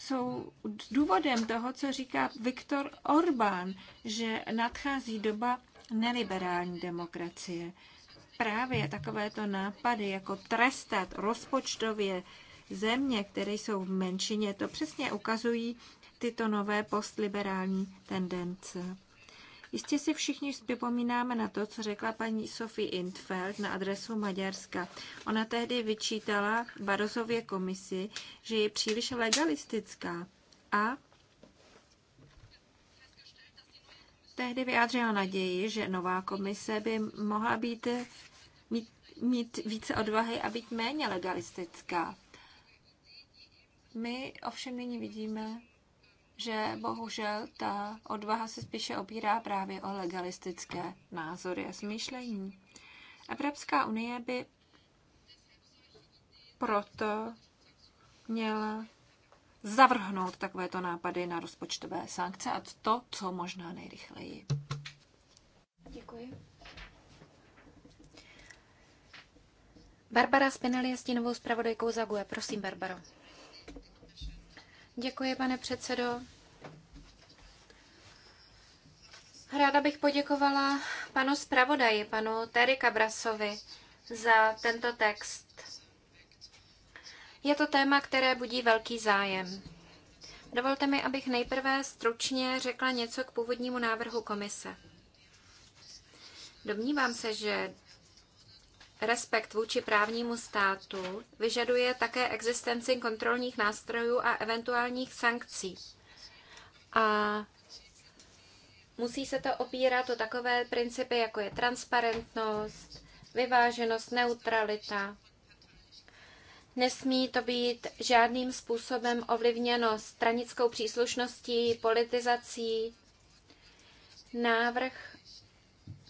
jsou důvodem toho, co říká Viktor Orbán, že nadchází doba neliberální demokracie. Právě takovéto nápady, jako trestat rozpočtově země, které jsou v menšině, to přesně ukazují tyto nové postliberální tendence. Jistě si všichni vzpomínáme na to, co řekla paní Sophie Intfeld na adresu Maďarska. Ona tehdy vyčítala Barozově komisi, že je příliš legalistická a tehdy vyjádřila naději, že nová komise by mohla být, mít, mít více odvahy a být méně legalistická. My ovšem nyní vidíme, že bohužel ta odvaha se spíše opírá právě o legalistické názory a smýšlení. Evropská unie by proto měla zavrhnout takovéto nápady na rozpočtové sankce a to, co možná nejrychleji. Děkuji. Barbara Spinelli je stínovou zpravodajkou za GUE. Prosím, Barbaro. Děkuji, pane předsedo. Ráda bych poděkovala panu zpravodaji, panu Terry Kabrasovi, za tento text. Je to téma, které budí velký zájem. Dovolte mi, abych nejprve stručně řekla něco k původnímu návrhu komise. Domnívám se, že Respekt vůči právnímu státu vyžaduje také existenci kontrolních nástrojů a eventuálních sankcí. A musí se to opírat o takové principy, jako je transparentnost, vyváženost, neutralita. Nesmí to být žádným způsobem ovlivněno stranickou příslušností, politizací. Návrh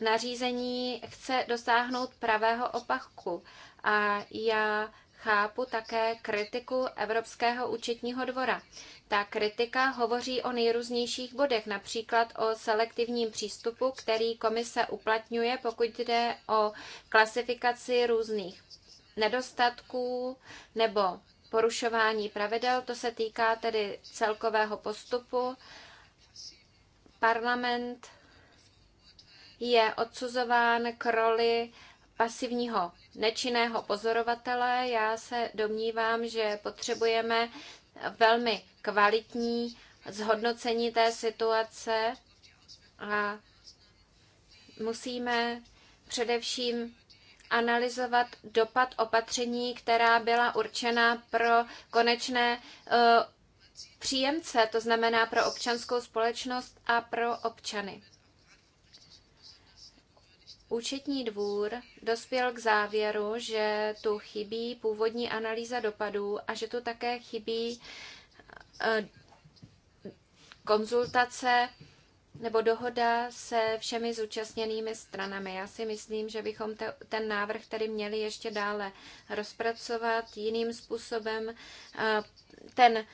nařízení chce dosáhnout pravého opaku. A já chápu také kritiku Evropského účetního dvora. Ta kritika hovoří o nejrůznějších bodech, například o selektivním přístupu, který komise uplatňuje, pokud jde o klasifikaci různých nedostatků nebo porušování pravidel. To se týká tedy celkového postupu. Parlament je odsuzován k roli pasivního nečinného pozorovatele. Já se domnívám, že potřebujeme velmi kvalitní zhodnocení té situace a musíme především analyzovat dopad opatření, která byla určena pro konečné e, příjemce, to znamená pro občanskou společnost a pro občany. Účetní dvůr dospěl k závěru, že tu chybí původní analýza dopadů a že tu také chybí eh, konzultace nebo dohoda se všemi zúčastněnými stranami. Já si myslím, že bychom te, ten návrh tedy měli ještě dále rozpracovat jiným způsobem. Eh, ten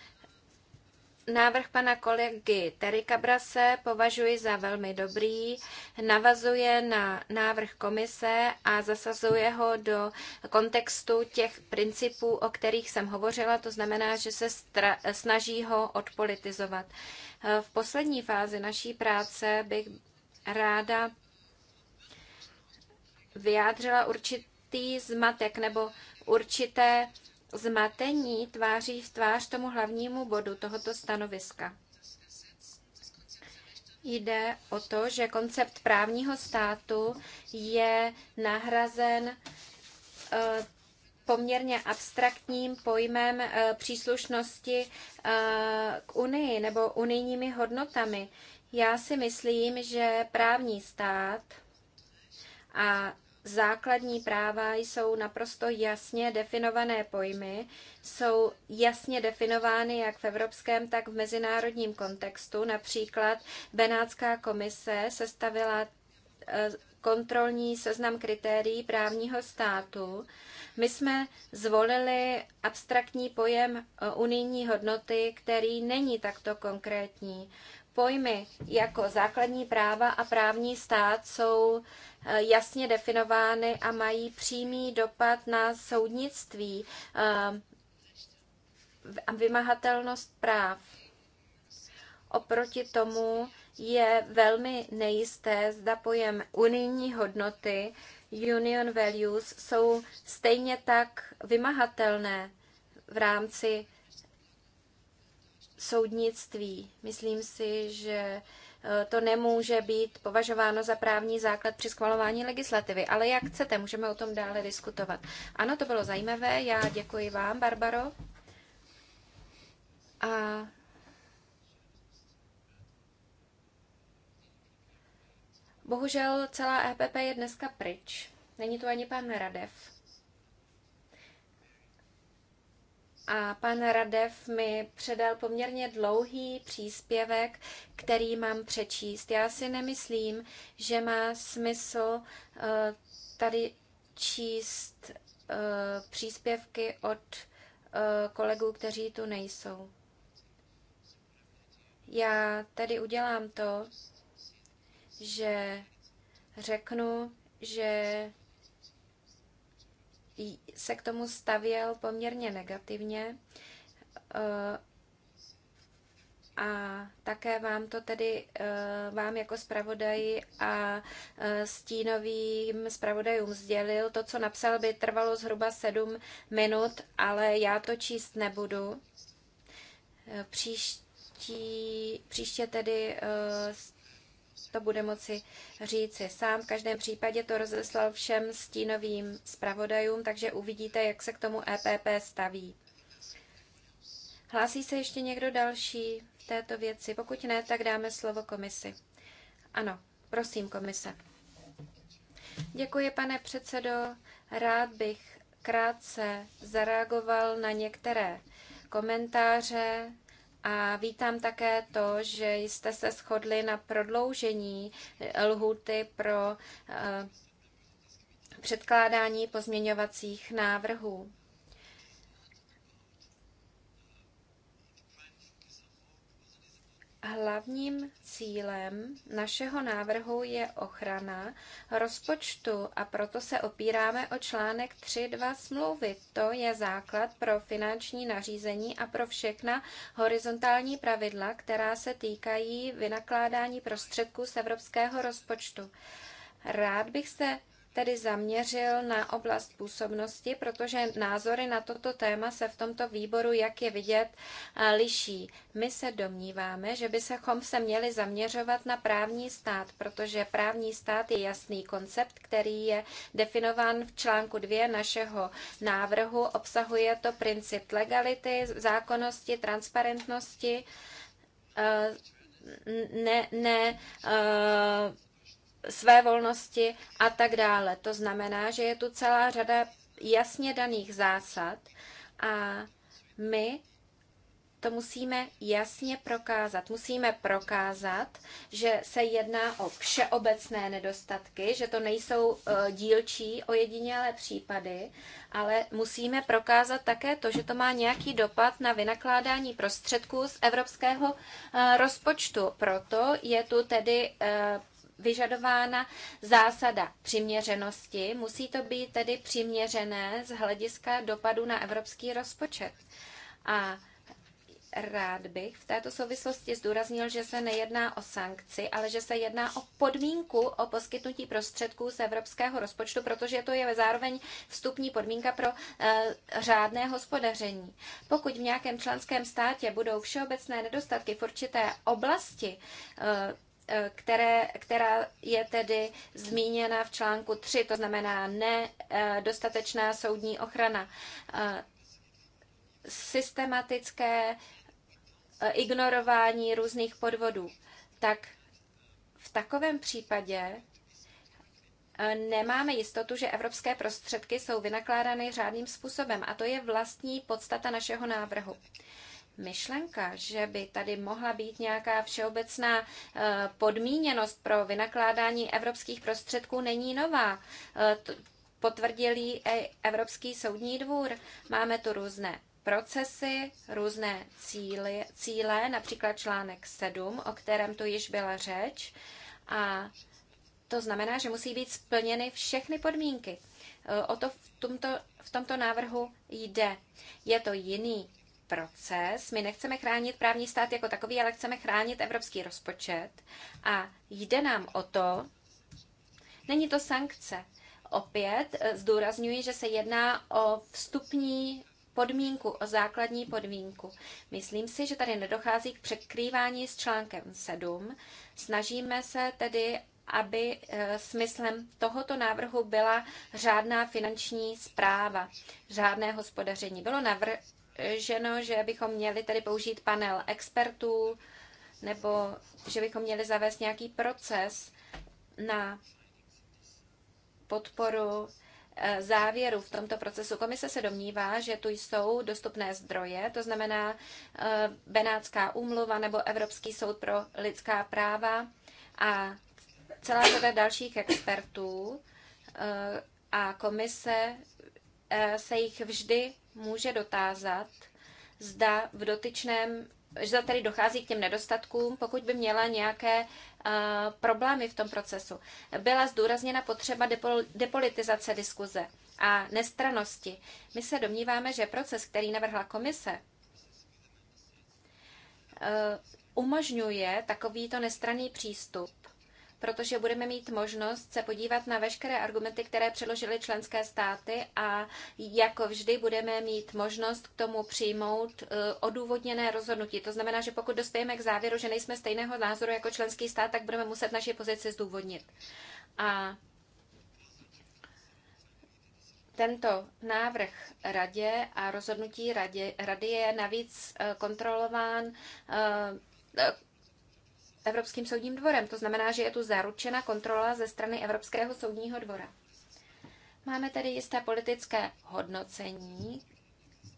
Návrh pana kolegy Terika Brase považuji za velmi dobrý, navazuje na návrh komise a zasazuje ho do kontextu těch principů, o kterých jsem hovořila, to znamená, že se snaží ho odpolitizovat. V poslední fázi naší práce bych ráda vyjádřila určitý zmatek nebo určité zmatení tváří v tvář tomu hlavnímu bodu tohoto stanoviska. Jde o to, že koncept právního státu je nahrazen e, poměrně abstraktním pojmem e, příslušnosti e, k Unii nebo unijními hodnotami. Já si myslím, že právní stát a základní práva jsou naprosto jasně definované pojmy, jsou jasně definovány jak v evropském, tak v mezinárodním kontextu. Například Benátská komise sestavila eh, kontrolní seznam kritérií právního státu. My jsme zvolili abstraktní pojem eh, unijní hodnoty, který není takto konkrétní. Pojmy jako základní práva a právní stát jsou eh, jasně definovány a mají přímý dopad na soudnictví eh, a vymahatelnost práv. Oproti tomu je velmi nejisté, zda pojem unijní hodnoty, union values, jsou stejně tak vymahatelné v rámci soudnictví. Myslím si, že eh, to nemůže být považováno za právní základ při schvalování legislativy, ale jak chcete, můžeme o tom dále diskutovat. Ano, to bylo zajímavé, já děkuji vám, Barbaro. A Bohužel celá EPP je dneska pryč. Není tu ani pan Radev. a pan Radev mi předal poměrně dlouhý příspěvek, který mám přečíst. Já si nemyslím, že má smysl eh, tady číst eh, příspěvky od eh, kolegů, kteří tu nejsou. Já tedy udělám to, že řeknu, že se k tomu stavěl poměrně negativně eh, a také vám to tedy, eh, vám jako zpravodaji a eh, stínovým zpravodajům sdělil. To, co napsal, by trvalo zhruba sedm minut, ale já to číst nebudu. Příští, příště tedy to bude moci říci sám. V každém případě to rozeslal všem stínovým zpravodajům, takže uvidíte, jak se k tomu EPP staví. Hlásí se ještě někdo další v této věci? Pokud ne, tak dáme slovo komisi. Ano, prosím, komise. Děkuji, pane předsedo. Rád bych krátce zareagoval na některé komentáře a vítám také to, že jste se shodli na prodloužení eh, lhuty pro eh, předkládání pozměňovacích návrhů. Hlavním cílem našeho návrhu je ochrana rozpočtu a proto se opíráme o článek 3.2 smlouvy. To je základ pro finanční nařízení a pro všechna horizontální pravidla, která se týkají vynakládání prostředků z evropského rozpočtu. Rád bych se tedy zaměřil na oblast působnosti, protože názory na toto téma se v tomto výboru, jak je vidět, eh, liší. My se domníváme, že by bychom se měli zaměřovat na právní stát, protože právní stát je jasný koncept, který je definován v článku 2 našeho návrhu. Obsahuje to princip legality, zákonnosti, transparentnosti, eh, ne, ne, eh, své volnosti a tak dále. To znamená, že je tu celá řada jasně daných zásad a my to musíme jasně prokázat. Musíme prokázat, že se jedná o všeobecné nedostatky, že to nejsou eh, dílčí ojedinělé případy, ale musíme prokázat také to, že to má nějaký dopad na vynakládání prostředků z evropského eh, rozpočtu. Proto je tu tedy eh, vyžadována zásada přiměřenosti. Musí to být tedy přiměřené z hlediska dopadu na evropský rozpočet. A rád bych v této souvislosti zdůraznil, že se nejedná o sankci, ale že se jedná o podmínku o poskytnutí prostředků z evropského rozpočtu, protože to je zároveň vstupní podmínka pro e, řádné hospodaření. Pokud v nějakém členském státě budou všeobecné nedostatky v určité oblasti, e, Eh, které, která je tedy zmíněna v článku 3, to znamená nedostatečná eh, soudní ochrana, eh, systematické ignorování různých podvodů, tak v takovém případě nemáme jistotu, že evropské prostředky jsou vynakládány řádným způsobem. A to je vlastní podstata našeho návrhu myšlenka, že by tady mohla být nějaká všeobecná eh, podmíněnost pro vynakládání evropských prostředků, není nová. Eh, potvrdil i Evropský soudní dvůr. Máme tu různé procesy, různé cíly, cíle, například článek 7, o kterém tu již byla řeč. A to znamená, že musí být splněny všechny podmínky. Eh, o to v tomto, v tomto návrhu jde. Je to jiný proces. My nechceme chránit právní stát jako takový, ale chceme chránit evropský rozpočet. A jde nám o to, není to sankce. Opět eh, zdůrazňuji, že se jedná o vstupní podmínku, o základní podmínku. Myslím si, že tady nedochází k překrývání s článkem 7. Snažíme se tedy, aby eh, smyslem tohoto návrhu byla řádná finanční zpráva, řádné hospodaření. Bylo navr- navrženo, že bychom měli tady použít panel expertů nebo že bychom měli zavést nějaký proces na podporu eh, závěru v tomto procesu. Komise se domnívá, že tu jsou dostupné zdroje, to znamená eh, Benátská úmluva nebo Evropský soud pro lidská práva a celá řada dalších expertů eh, a komise se jich vždy může dotázat, zda v dotyčném že tady dochází k těm nedostatkům, pokud by měla nějaké uh, problémy v tom procesu. Byla zdůrazněna potřeba depol- depolitizace diskuze a nestranosti. My se domníváme, že proces, který navrhla komise, uh, umožňuje takovýto nestraný přístup protože budeme mít možnost se podívat na veškeré argumenty, které přeložily členské státy a jako vždy budeme mít možnost k tomu přijmout e, odůvodněné rozhodnutí. To znamená, že pokud dospějeme k závěru, že nejsme stejného názoru jako členský stát, tak budeme muset naši pozici zdůvodnit. A tento návrh radě a rozhodnutí radě, rady je navíc e, kontrolován e, Evropským soudním dvorem. To znamená, že je tu zaručena kontrola ze strany Evropského soudního dvora. Máme tedy jisté politické hodnocení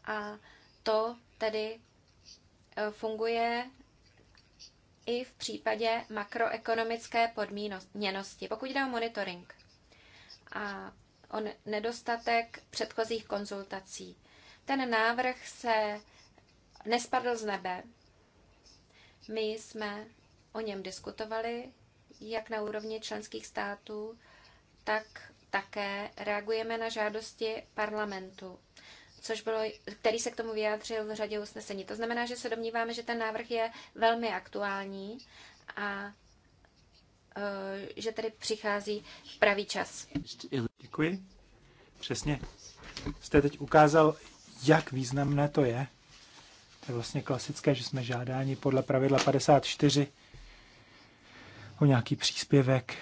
a to tedy e, funguje i v případě makroekonomické podmíněnosti, pokud jde o monitoring a o nedostatek předchozích konzultací. Ten návrh se nespadl z nebe. My jsme o něm diskutovali, jak na úrovni členských států, tak také reagujeme na žádosti parlamentu, což bylo, který se k tomu vyjádřil v řadě usnesení. To znamená, že se domníváme, že ten návrh je velmi aktuální a e, že tedy přichází v pravý čas. Děkuji. Přesně. Jste teď ukázal, jak významné to je. To je vlastně klasické, že jsme žádáni podle pravidla 54 o nějaký příspěvek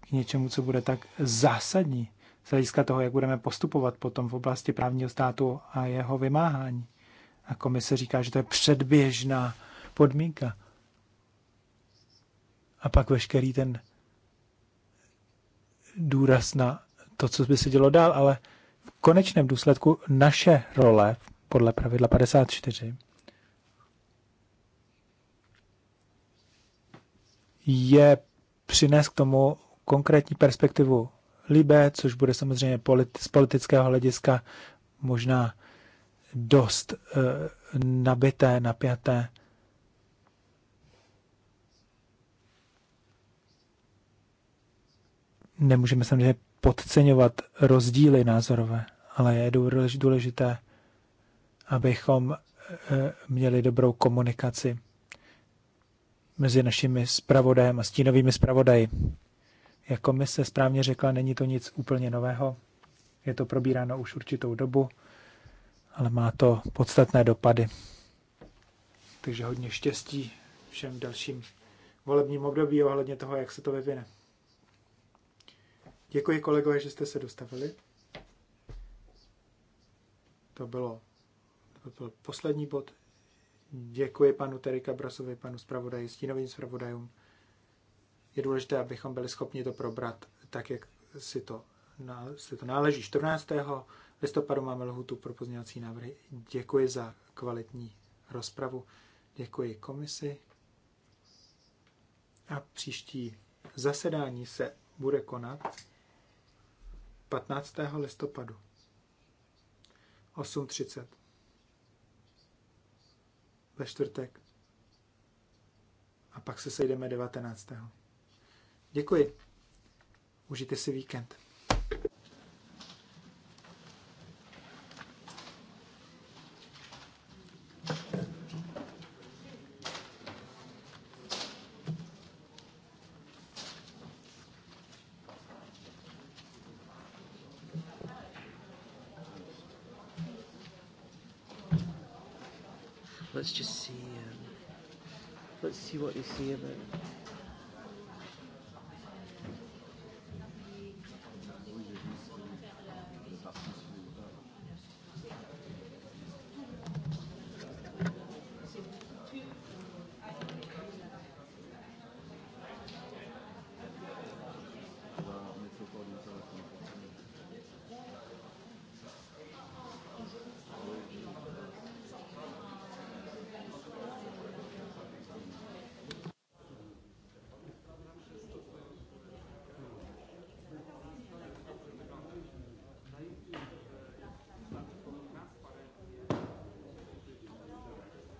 k něčemu, co bude tak zásadní z hlediska toho, jak budeme postupovat potom v oblasti právního státu a jeho vymáhání. A komise říká, že to je předběžná podmínka. A pak veškerý ten důraz na to, co by se dělo dál, ale v konečném důsledku naše role podle pravidla 54 je přinést k tomu konkrétní perspektivu Libé, což bude samozřejmě politi- z politického hlediska možná dost e, nabité, napjaté. Nemůžeme samozřejmě podceňovat rozdíly názorové, ale je důležité, abychom e, měli dobrou komunikaci mezi našimi zpravodajem a stínovými zpravodaji. Jak se správně řekla, není to nic úplně nového. Je to probíráno už určitou dobu, ale má to podstatné dopady. Takže hodně štěstí všem dalším volebním období ohledně toho, jak se to vyvine. Děkuji kolegové, že jste se dostavili. To bylo, to byl poslední bod Děkuji panu Terika Brasovi, panu zpravodaji, stínovým zpravodajům. Je důležité, abychom byli schopni to probrat tak, jak si to, na, si to náleží. 14. listopadu máme lhutu pro pozměňovací návrhy. Děkuji za kvalitní rozpravu. Děkuji komisi. A příští zasedání se bude konat 15. listopadu 8.30 ve čtvrtek. A pak se sejdeme 19. Děkuji. Užijte si víkend. see it.